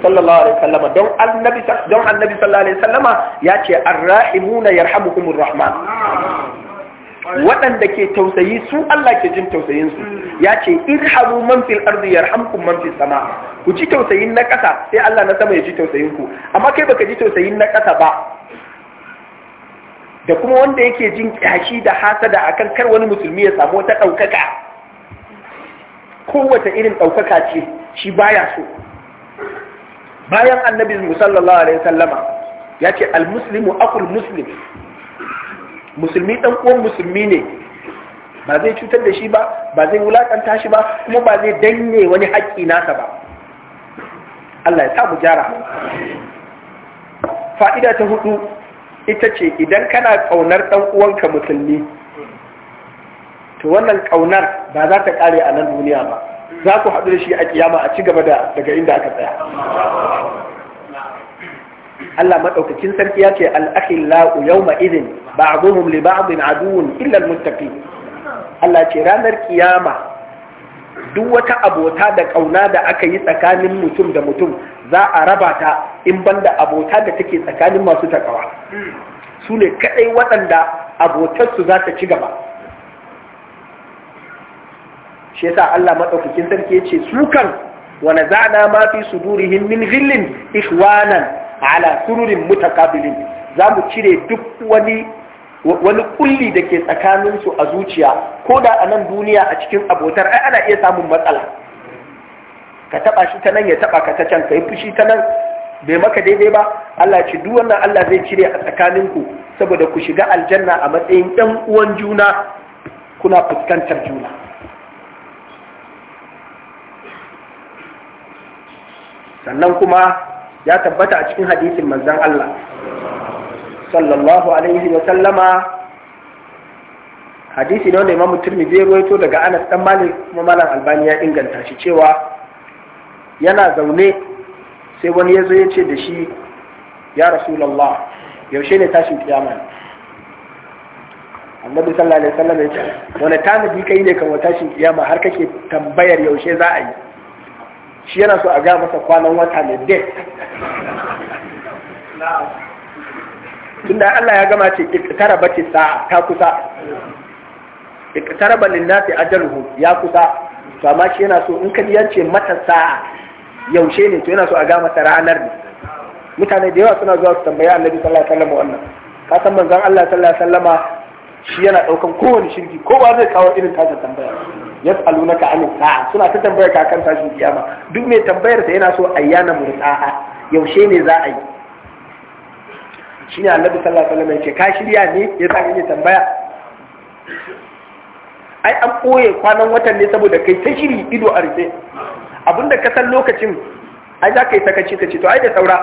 sallallahu alaihi wasallama don annabi don annabi sallallahu alaihi wasallama ya ce arrahimuna yarhamukumur rahman waɗanda ke tausayi su Allah ke jin tausayinsu ya ce irhamu man fil ardi yarhamkum man fis sama ku ji tausayin na ƙasa sai Allah na sama ya ji tausayin ku amma kai baka ji tausayin na ƙasa ba da kuma wanda yake jin kyashi da hasada akan kar wani musulmi ya samu wata ɗaukaka kowace irin ɗaukaka ce shi baya so bayan annabi musallallahu alaihi sallama ya ce almuslimu akul muslim musulmi ɗan uwan musulmi ne ba zai cutar da shi ba ba zai wulakanta shi ba kuma ba zai danye wani haƙƙi nasa ba Allah ya sa mu gyara fa'ida ta hudu ita ce idan kana ƙaunar ɗan uwanka musulmi to wannan ƙaunar ba za ta ƙare a nan duniya ba za ku haɗu da shi a kiyama a ci gaba daga inda aka tsaya Allah maɗaukakin sarki ya ce al'akhillahu yawma idin ba'dhum li ba'dhin aduwwun illa al Allah ce ranar kiyama duk wata abota da ƙauna da aka yi tsakanin mutum da mutum za a raba ta in banda abota da take tsakanin masu takawa su ne kaɗai waɗanda abotarsu za ta ci gaba shi yasa Allah maɗaukakin sarki ya ce sukan kan wani za'ana ma fi sudurihim min villin ishwanan ala sururin mutakabilin za mu cire duk wani wani kulli da ke tsakaninsu a zuciya ko da a nan duniya a cikin abotar ai ana iya samun matsala ka taba shi ta nan ya taba ka ta can ka yi fushi ta nan bai maka daidai ba Allah ci duk wannan Allah zai cire a tsakaninku saboda ku shiga aljanna a matsayin ɗan uwan juna kuna fuskantar juna sannan kuma ya tabbata a cikin hadisin manzon Allah sallallahu alaihi wa sallama hadisi ne wanda imamu turmi ya ruwaito daga anas dan malik kuma malam albani ya inganta shi cewa yana zaune sai wani ya zo ya ce da shi ya rasulallah yaushe ne tashin kiyama annabi sallallahu alaihi wasallam ya ce wani tanadi kai ne kan tashin kiyama har kake tambayar yaushe za a yi shi yana so a ga masa kwanan wata ne date tunda Allah ya gama ce ba ce sa'a ta kusa iqtaraba lin nafi ajaluhu ya kusa to amma shi yana so in ka yance mata sa'a yaushe ne to yana so a ga masa ranar ne mutane da yawa suna zuwa su tambaya Annabi sallallahu alaihi wasallam wannan ka san manzon Allah sallallahu alaihi wasallama shi yana daukan kowane shirki Ko ba zai kawo irin ta tambaya yas'alunaka anis sa'a suna ta tambaya kakan tashin kiyama duk mai tambayar sa yana so ayyana mursa'a yaushe ne za a yi shi ne annabi sallallahu alaihi wasallam ce, ka shirya ne ya sa kake tambaya ai an ɓoye kwanan watan ne saboda kai ta shiri ido a rufe abinda ka san lokacin ai za ka yi sakaci ka ce to ai da saura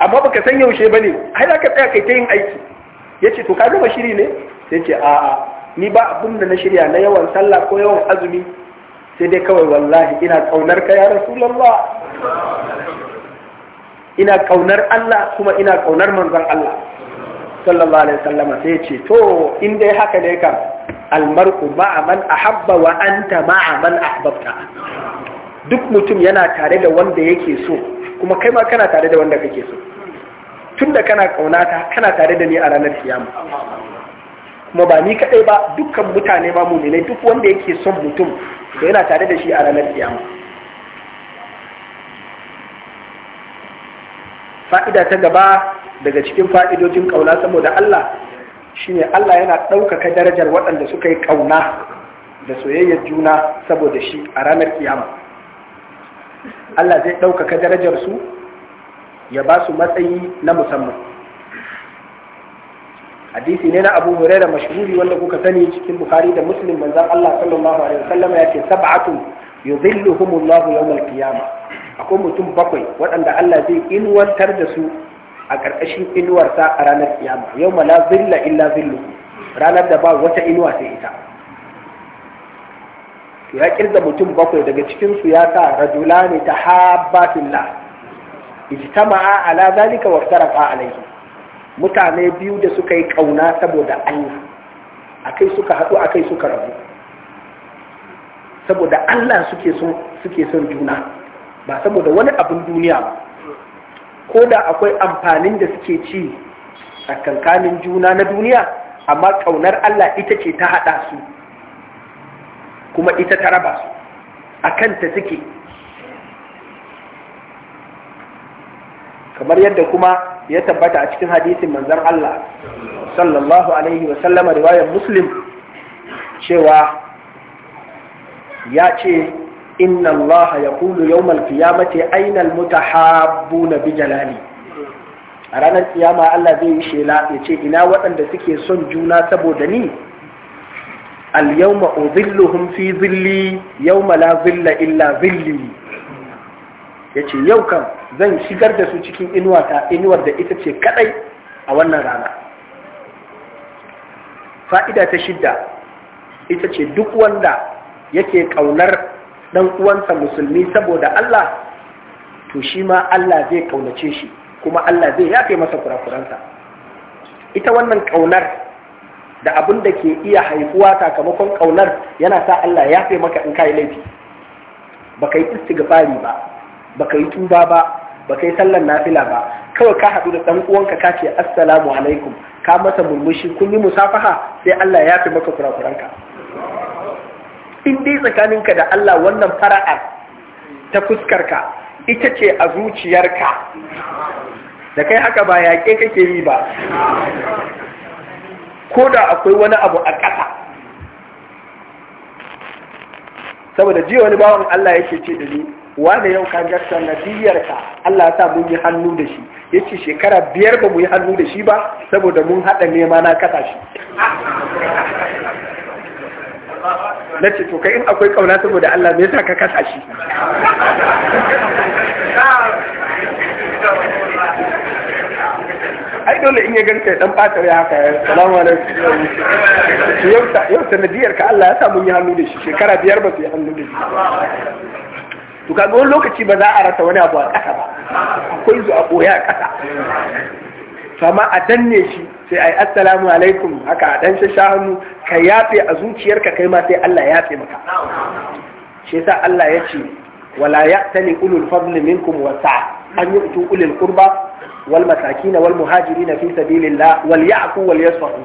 amma baka san yaushe ba ne ai za ka tsaya kai ta yin aiki ya ce to ka gama shiri ne Sai ce a'a ni ba abin da na shirya na yawan sallah ko yawan azumi sai dai kawai wallahi ina kaunar ka ya rasulullah ina kaunar Allah kuma ina kaunar manzon Allah sallallahu alaihi wasallama sai ya ce to in dai haka ne kam almar'u ma'a man ahabba wa anta ma'a man ahbabta duk mutum yana tare da wanda yake so kuma kai ma kana tare da wanda kake so tunda kana kaunata kana tare da ni a ranar kiyama kuma ba ni kadai ba dukkan mutane ba mu ne duk wanda yake son mutum to yana tare da shi a ranar kiyama fa'ida ta gaba daga cikin fa'idojin ƙauna saboda Allah ne Allah yana ɗaukaka darajar waɗanda suka yi ƙauna da soyayyar juna saboda shi a ranar kiyama Allah zai ɗaukaka darajar su ya ba su matsayi na musamman hadisi ne na abu huraira mashhuri wanda kuka sani cikin bukhari da muslim manzon Allah sallallahu alaihi wasallam ya ce sab'atun yudhilluhumullahu yawmal qiyamah akwai mutum bakwai waɗanda Allah zai inuwantar da su a ƙarƙashin inuwarsa a ranar kiyama yau ma la zilla illa zillu ranar da ba wata inuwa sai ita ya kirga mutum bakwai daga cikin su ya sa rajulani tahabbatullah ijtama'a ala zalika wa taraka alayhi mutane biyu da suka yi kauna saboda Allah akai suka haɗu akai suka rabu saboda Allah suke son juna ba saboda wani abin duniya ba ko da akwai amfanin da suke ci a kankanin juna na duniya amma kaunar Allah ita ce ta haɗa su kuma ita ta raba su a kanta suke kamar yadda kuma ya tabbata a cikin hadisin manzan Allah sallallahu alaihi wasallama riwayar muslim cewa ya ce inna allaha yaqulu yawmal qiyamati aina al mutahabbuna bi jalali a ranar kiyama Allah zai yi shela ya ce ina waɗanda suke son juna saboda ni al yawma udhilluhum fi zilli yawma la zilla illa zilli yace yau kan zan shigar da su cikin inuwata inuwar da ita ce kadai a wannan rana fa'ida ta shidda ita ce duk wanda yake ƙaunar dan uwansa musulmi saboda Allah to shi ma Allah zai kaunace shi kuma Allah zai yafe masa kurakuransa ita wannan kaunar da abin da ke iya haifuwa sakamakon kaunar yana sa Allah ya yafe maka in kai laifi baka yi istighfari ba baka yi tuba ba baka yi sallar nafila ba kawai ka haɗu da ɗan uwanka ka ce assalamu alaikum ka masa murmushi kun yi musafaha sai Allah ya yafe maka kurakuranka in dai tsakaninka da Allah wannan fara'ar ta fuskarka ita ce a zuciyarka da kai haka ba yaƙe kake yi ba ko da akwai wani abu a ƙasa saboda jiya wani bawan Allah yake ce da ni da yau ka jarta biyarka Allah ya sa mun yi hannu da shi ya ce shekara biyar ba mu yi hannu da shi ba saboda mun haɗa nema na kasa shi na ce to kai in akwai kauna saboda Allah mai sa ka kasa shi ai dole in ya ganka dan fatar ya haka ya eh, salamu alaikum yau yau sanadiyar ka Allah ya sa mun yi hannu da shi shekara biyar ba su yi hannu da shi to kaga wani lokaci ba za a rasa wani abu a ƙasa ba akwai zu a ɓoye a ƙasa to amma a danne shi sai ai assalamu alaikum haka a dan shahanu ka yafe a zuciyarka kai ma sai Allah ya yafe maka shi yasa Allah ya ce wala ya'tani ulul fadli minkum wasa'a an yu'tu ulul qurba wal masakin wal muhajirin fi sabilillah wal ya'fu wal yasfahu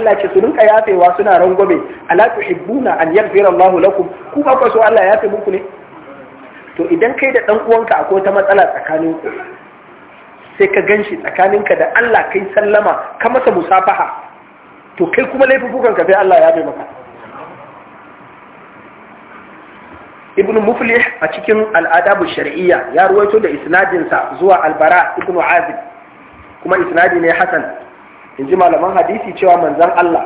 Allah ce su rinka yafewa suna rangwame ala tuhibbuna an yaghfira Allah lakum ku ba ku so Allah ya yafe muku ne to idan kai da dan uwanka akwai ta matsala tsakaninku. sai ka gan shi tsakaninka da Allah kai sallama ka masa musafaha to kai kuma laifukan ka sai Allah ya bai maka ibn muflih a cikin al'adabu shar'iyya ya ruwaito da isnadinsa zuwa albara ibn azib kuma isnadi ne hasan in ji malaman hadisi cewa manzon Allah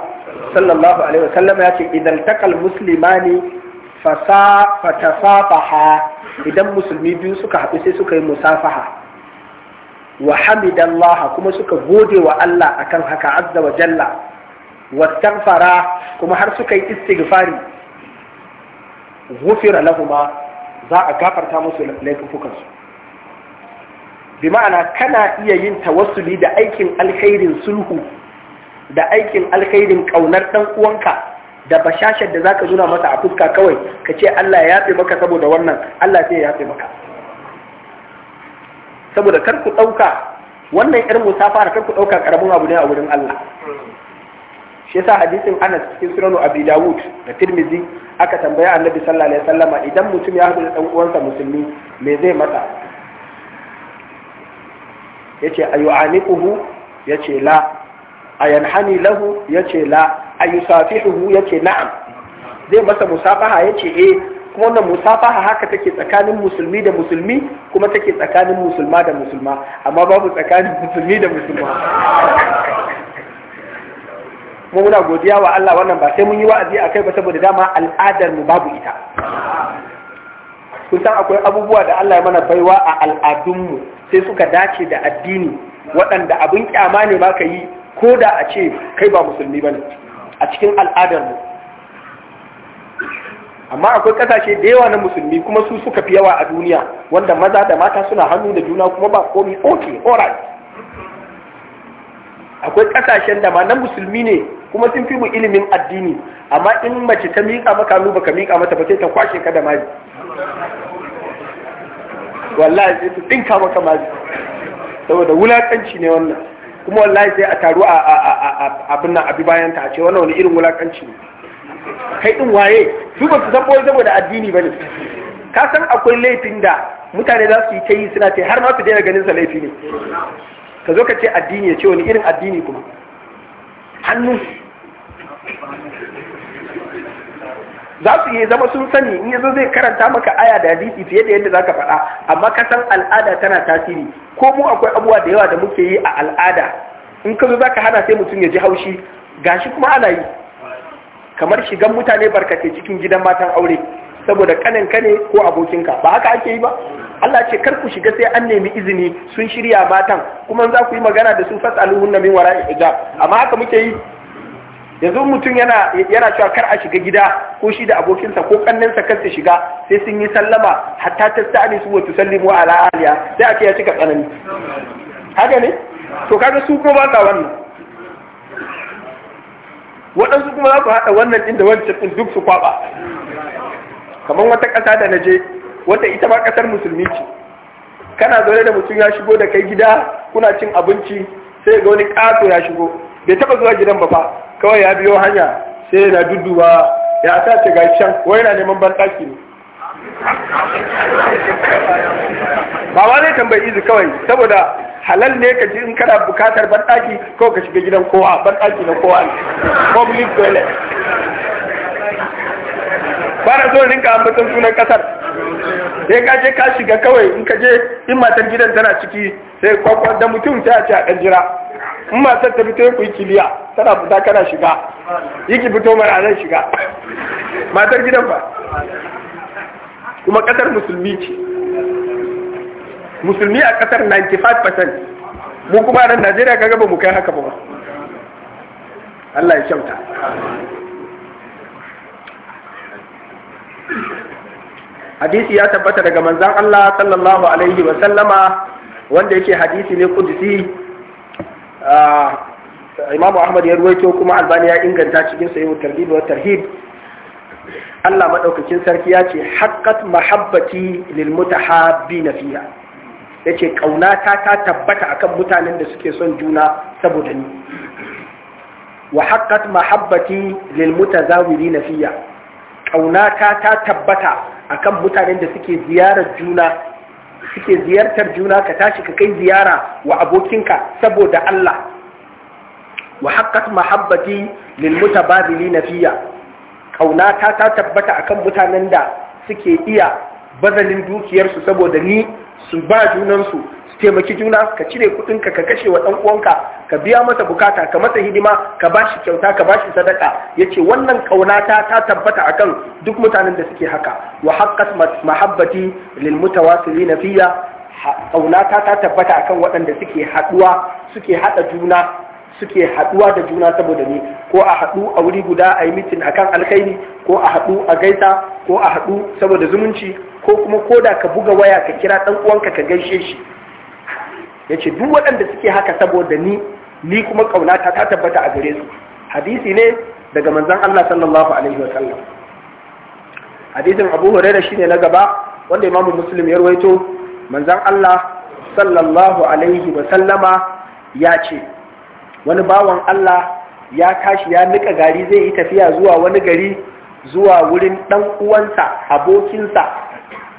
sallallahu alaihi wa sallam ya ce idan takal muslimani fatasafaha idan musulmi biyu suka haɗu sai suka yi musafaha wa hamidallah kuma suka gode wa Allah akan haka azza wa jalla kuma har suka yi istighfari ghufira lahuma za a gafarta musu laifukan su bi ma'ana kana iya yin tawassuli da aikin alkhairin sulhu da aikin alkhairin ƙaunar ɗan uwanka da bashashar da zaka zuna masa a fuska kawai ka ce Allah ya yafe maka saboda wannan Allah sai ya yafe maka saboda kar ku ɗauka wannan irin musafara kar ku ɗauka karamin abu ne a wurin Allah shi yasa hadisin Anas cikin sunan Abi Dawud da Tirmidhi aka tambaya Annabi sallallahu alaihi wasallama idan mutum ya haɗu da ɗan uwansa musulmi me zai masa yace ya yace la ayanhani lahu yace la ayusafihu yace na'am zai masa musafaha yace eh kuma wannan musafaha haka take tsakanin musulmi da musulmi kuma take tsakanin musulma da musulma amma babu tsakanin musulmi da musulma mu muna godiya wa Allah wannan ba sai mun yi wa'azi akai ba saboda dama al'adar mu babu ita kun san akwai abubuwa da Allah ya mana baiwa a al'adun mu sai suka dace da addini waɗanda abin kyama ne ma ka yi ko da a ce kai ba musulmi ba ne a cikin al'adarmu amma akwai kasashe da yawa na musulmi kuma su suka fi yawa a duniya wanda maza da mata suna hannu da juna kuma ba komi oke alright akwai kasashen da ma na musulmi ne kuma sun fi mu ilimin addini amma in mace ta miƙa maka hannu baka miƙa mata ba sai ta kwashe ka da mai wallahi sai ta dinka maka mai saboda wulakanci ne wannan kuma wallahi sai a taru a abin nan abi bayan ta a ce wannan wani irin wulakanci ne kai din waye su ba su san boye saboda addini bane ka san akwai laifin da mutane za su yi ta yi suna ta har ma su daina ganin sa laifi ne ka zo ka ce addini ya ce wani irin addini kuma hannu za su iya zama sun sani in yanzu zai karanta maka aya da hadisi fiye da yadda zaka faɗa amma ka san al'ada tana tasiri ko mu akwai abubuwa da yawa da muke yi a al'ada in ka zo zaka hana sai mutum ya ji haushi gashi kuma ana yi kamar shigan mutane barkatai cikin gidan matan aure saboda kanin ka ne ko abokinka ba haka ake yi ba Allah ce kar ku shiga sai an nemi izini sun shirya matan kuma za ku yi magana da su na min wara'i hijab amma haka muke yi yanzu mutum yana yana cewa kar a shiga gida ko shi da abokinsa ko kannansa kar su shiga sai sun yi sallama hatta ta tastani su wa sallimu ala aliya sai a ce ya cika tsanani haka ne to kaga su ko ba sa wannan waɗansu kuma za su haɗa wannan ɗin da wancan ɗin duk su kwaɓa kamar wata ƙasa da na je wata ita ma ƙasar musulmi ce kana zaune da mutum ya shigo da kai gida kuna cin abinci sai ga wani ƙato ya shigo bai taɓa zuwa gidan ba fa kawai ya biyo hanya sai yana dudduba ya sa ce ga can wai yana neman banɗaki ne ba zai tambayi izu kawai saboda halal ne ka ji in kana bukatar banɗaki ko ka shiga gidan kowa banɗaki na kowa ne public toilet ba na so ninka ambaton sunan kasar sai ka je ka shiga kawai in ka je in matar gidan tana ciki sai kwakwa da mutum ta a ce a ɗan jira in matar ta fito ku yi kiliya tana fita kana shiga yi ki fito mara zan shiga matar gidan ba kuma ƙasar musulmi ce musulmi a ƙasar 95% mu kuma nan najeriya ka gaba mu kai haka ba Allah ya kyauta hadisi ya tabbata daga manzan Allah sallallahu alaihi wa sallama wanda yake hadisi ne kudusi ah, imamu ahmad ya ruwaito kuma albani ya inganta cikin sayi tarhib wa tarhib Allah maɗaukakin sarki ya ce haƙƙat mahabbati lil mutahabbi na fiya ya ce ƙaunata ta tabbata akan mutanen da suke son juna saboda ni wa haƙƙat mahabbati lil mutazawiri na fiya ƙaunata ta tabbata akan mutanen da suke ziyarar juna suke ziyartar juna ka tashi ka kai ziyara wa abokinka saboda Allah wa haqqat mahabbati lil mutabadili nafiya kaunata ta tabbata akan mutanen da suke iya bazalin dukiyarsu saboda ni su ba junansu su taimaki juna ka cire kudinka ka kashe wa uwanka ka biya masa bukata ka masa hidima ka bashi kyauta ka bashi sadaka yace wannan kaunata ta tabbata akan duk mutanen da suke haka wa haqqat mahabbati lil mutawassilin fiya kaunata ta tabbata akan waɗanda suke haɗuwa suke haɗa juna suke haɗuwa da juna saboda ni ko a hadu a wuri guda a yi mitin a kan alkhairi ko a hadu a gaita ko a hadu saboda zumunci ko kuma ko da ka buga waya ka kira ɗan uwanka ka gaishe shi Ya ce duk waɗanda suke haka saboda ni ni kuma kaunata ta tabbata a gare su hadisi ne daga manzon Allah sallallahu alaihi wa sallam hadisin Abu Hurairah shine na gaba wanda Imam Muslim ya rawaito manzon Allah sallallahu alaihi wa sallama ya ce wani bawan Allah ya tashi ya nika gari zai yi tafiya zuwa wani gari zuwa wurin ɗan uwansa abokinsa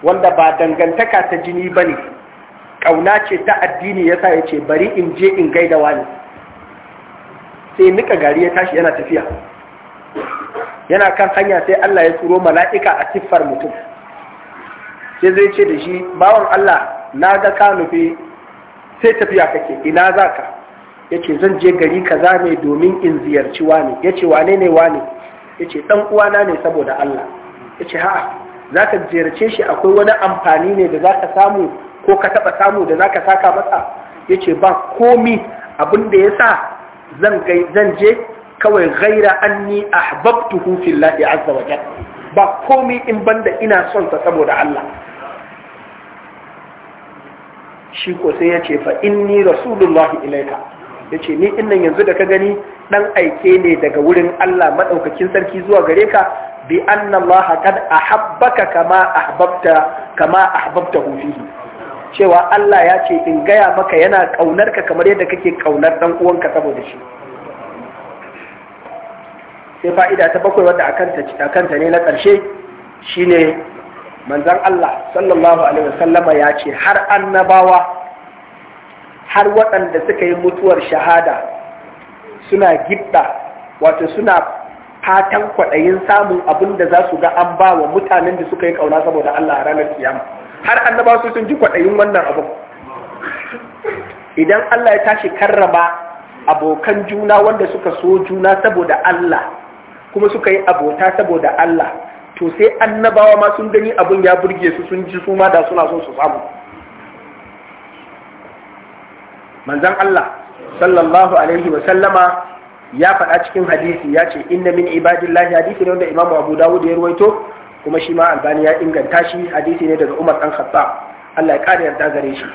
wanda ba dangantaka ta jini ba ne ƙauna ce ta addini ya sa ya ce bari in je in gaida wani sai nika gari ya tashi yana tafiya yana kan hanya sai Allah ya tsoro mala'ika a siffar mutum sai zai ce da shi bawan Allah na ga ka nufi sai tafiya kake ina za ka yace zan je gari kaza ne domin in ziyarci wani yace wane ne wani yace dan uwana ne saboda Allah yace ha'a ka ziyarce shi akwai wani amfani ne da za ka samu ko ka taba samu da za ka saka masa yace ba komi abin da yasa zan kai zan je kawai ghaira anni ahbabtuhu fillahi azza wa jalla ba komi in banda ina son sa saboda Allah shi ko sai yace fa inni rasulullahi ilaika ya ce ni innan yanzu da ka gani ɗan aike ne daga wurin Allah maɗaukakin sarki zuwa gare ka bi annallaha kad ahabbaka a ahbabta kama a ahbabta fihi cewa Allah ya ce in gaya maka yana ƙaunar ka kamar yadda kake ƙaunar ɗan uwanka saboda shi sai fa'ida ta bakwai wadda a kanta ne na ƙarshe shine Manzan Allah sallallahu alaihi wasallama ya ce har annabawa har waɗanda suka yi mutuwar shahada suna gidda wato suna fatan kwaɗayin samun abin da za su ga an ba wa mutanen da suka yi ƙauna saboda Allah ranar kiyama har annaba su sun ji kwaɗayin wannan abu idan Allah ya tashi karrama abokan juna wanda suka so juna saboda Allah kuma suka yi abota saboda Allah to sai annabawa ma sun gani abun ya burge su sun ji su ma da suna so su samu manzon Allah sallallahu alaihi wa sallama ya faɗa cikin hadisi ya ce inna min ibadillahi hadisi ne wanda imamu abu dawud ya ruwaito kuma shi ma albani ya inganta shi hadisi ne daga umar dan khattab Allah ya kare yarda gare shi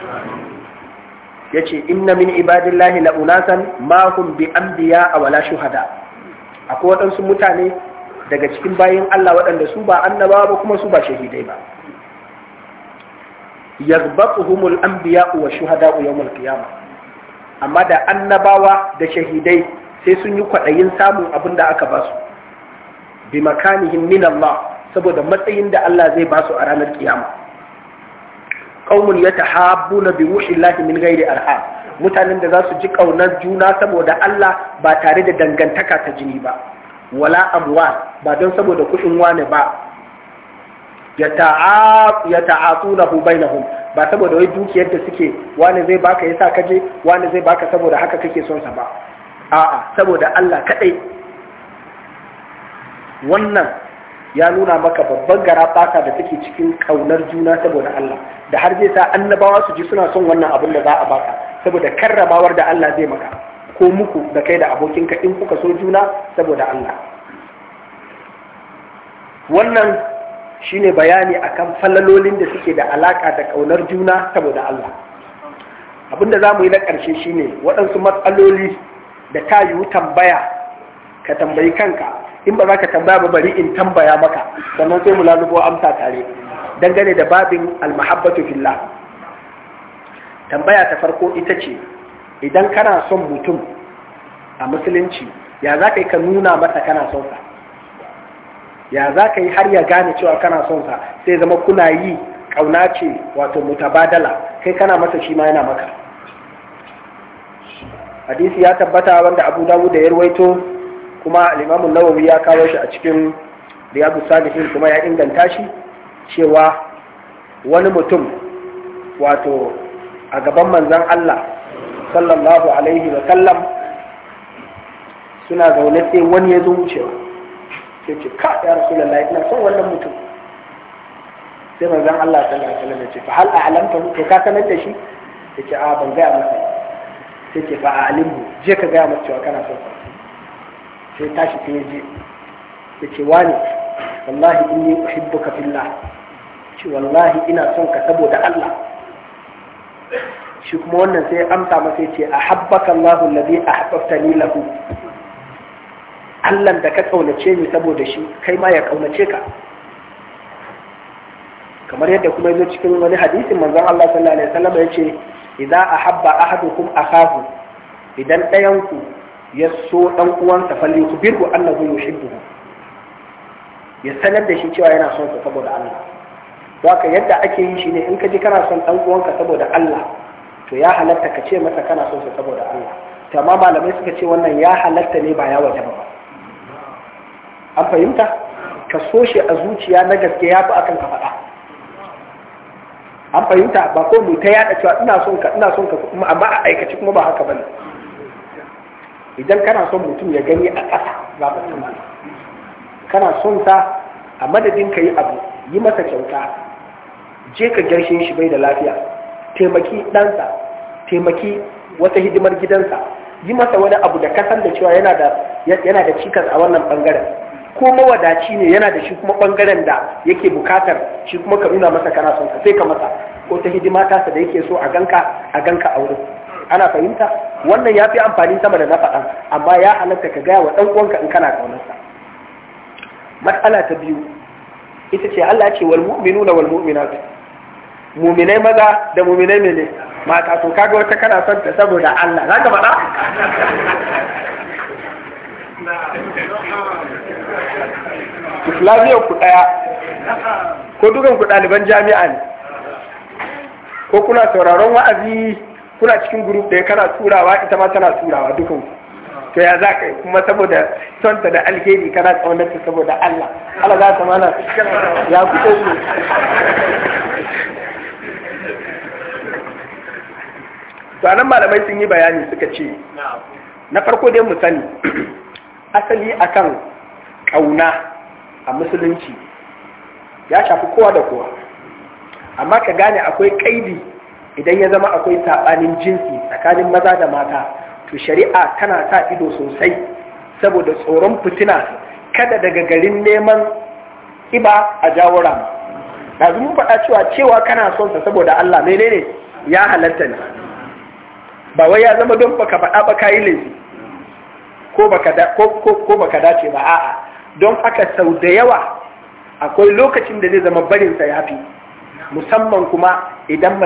yace inna min ibadillahi la unasan ma hum bi anbiya wala shuhada akwai waɗansu mutane daga cikin bayin Allah waɗanda su ba annaba ba kuma su ba shahidai ba yaghbatuhumul anbiya wa shuhada yawm al-qiyamah amma da annabawa da shahidai sai sun yi kwaɗayin samun abin da aka basu bi makanihim min Allah saboda matsayin da Allah zai basu a ranar kiyama qaumun yatahabbuna bi ruhi Allah min ghairi arha, mutanen da za su ji ƙaunar juna saboda Allah ba tare da dangantaka ta jini ba wala abuwa ba don saboda kuɗin wani ba ya ta'atu na hu bainahum ba saboda wai dukiyar da suke wani zai baka yasa ka je wani zai baka saboda haka kake son sa ba a'a saboda Allah kadai wannan ya nuna maka babban gara da take cikin kaunar juna saboda Allah da har zai sa annabawa su ji suna son wannan abin da za a baka saboda karramawar da Allah zai maka ko muku da kai da abokinka in kuka so juna saboda Allah wannan shine bayani akan falalolin da suke da alaka da kaunar juna saboda Allah abinda za mu yi na ƙarshe shine waɗansu matsaloli da ta yiwu tambaya ka tambayi kanka in ba za ka tambaya ba bari in tambaya maka sannan sai mu lalubo amsa tare dangane da babin almahabbatu fillah tambaya ta farko ita ce idan kana son mutum a musulunci ya za ka yi ka nuna masa kana son sa ya za ka yi har ya gane cewa kana son sa sai zama kuna yi kauna ce wato mutabadala kai kana masa shi ma yana maka hadisi ya tabbata wanda abu dawud da ya ruwaito kuma Alimamu nawawi ya kawo shi a cikin riyadu salihin kuma ya inganta shi cewa wani mutum wato a gaban manzan Allah sallallahu alaihi wa sallam suna zaune sai wani ya zo wucewa sai ce ka ya rasu rasulullahi ina son wannan mutum sai manzon Allah sallallahu alaihi wasallam ya ce fa hal a'lamta to ka sanar da shi sai ce a ban ga masa sai ce fa a'limhu je ka ga masa cewa kana son sai tashi sai ya je ya ce wani wallahi inni uhibbuka fillah ce wallahi ina son ka saboda Allah shi kuma wannan sai amsa masa ya ce ahabbaka Allahu alladhi ahbabtani lahu Allah da ka kaunace ni saboda shi kai ma ya kaunace ka kamar yadda kuma yazo cikin wani hadisin manzon Allah sallallahu alaihi wasallam ce idza ahabba ahadukum akhahu idan ɗayanku ku ya so dan uwansa falli kubirku annahu yuhibbuhu ya sanar da shi cewa yana son ka saboda Allah haka yadda ake yi shine in ka ji kana son dan uwanka saboda Allah to ya halatta ka ce masa kana son sa saboda Allah to amma malamai suka ce wannan ya halatta ne ba ya wajaba ba an fahimta ka so shi a zuciya na gaske ya fi akan ka faɗa an fahimta ba ko mu ta yada cewa ina son ka ina son ka kuma amma a aikace kuma ba haka bane idan kana son mutum ya gani a ƙasa za ka tuna kana son sa a madadin ka yi abu yi masa kyauta je ka gaishe shi bai da lafiya taimaki ɗansa taimaki wata hidimar gidansa yi masa wani abu da kasan da cewa yana da cikas a wannan bangaren ko mawadaci ne yana da shi kuma bangaren da yake bukatar shi kuma ka nuna masa kana son ka sai ka masa ko ta hidima tasa da yake so a ganka a ganka a wurin ana fahimta wannan ya fi amfani sama da na faɗan amma ya halatta ka gaya wa ɗan uwanka in kana ƙaunarsa matsala ta biyu ita ce Allah ce wal mu'minuna wal mu'minat mu'minai maza da mu'minai mene mata to kaga wata kana son ta saboda Allah zaka faɗa islamiyar ku ɗaya ko dukan ku ɗaliban jami'a ne ko kuna sauraron wa'azi kuna cikin grup ɗaya kana turawa ita ma tana turawa dukan ku to ya za ka yi kuma saboda sonta da alheri kana tsaunarta saboda Allah Allah za ta mana ya ku ne to anan malamai sun yi bayani suka ce na farko dai mu sani asali akan ƙauna a musulunci ya shafi kowa da kowa amma ka gane akwai ƙaidi idan ya zama akwai saɓanin jinsi tsakanin maza da mata to shari'a tana sa ido sosai saboda tsoron fitina kada daga garin neman iba a jawo rama ɗazu faɗa cewa cewa kana son sa saboda Allah menene ya halatta ne ba wai ya zama don baka faɗa ba yi laifi ko baka dace ba a'a don haka sau da yawa akwai lokacin da zai zama barinsa ya fi musamman kuma idan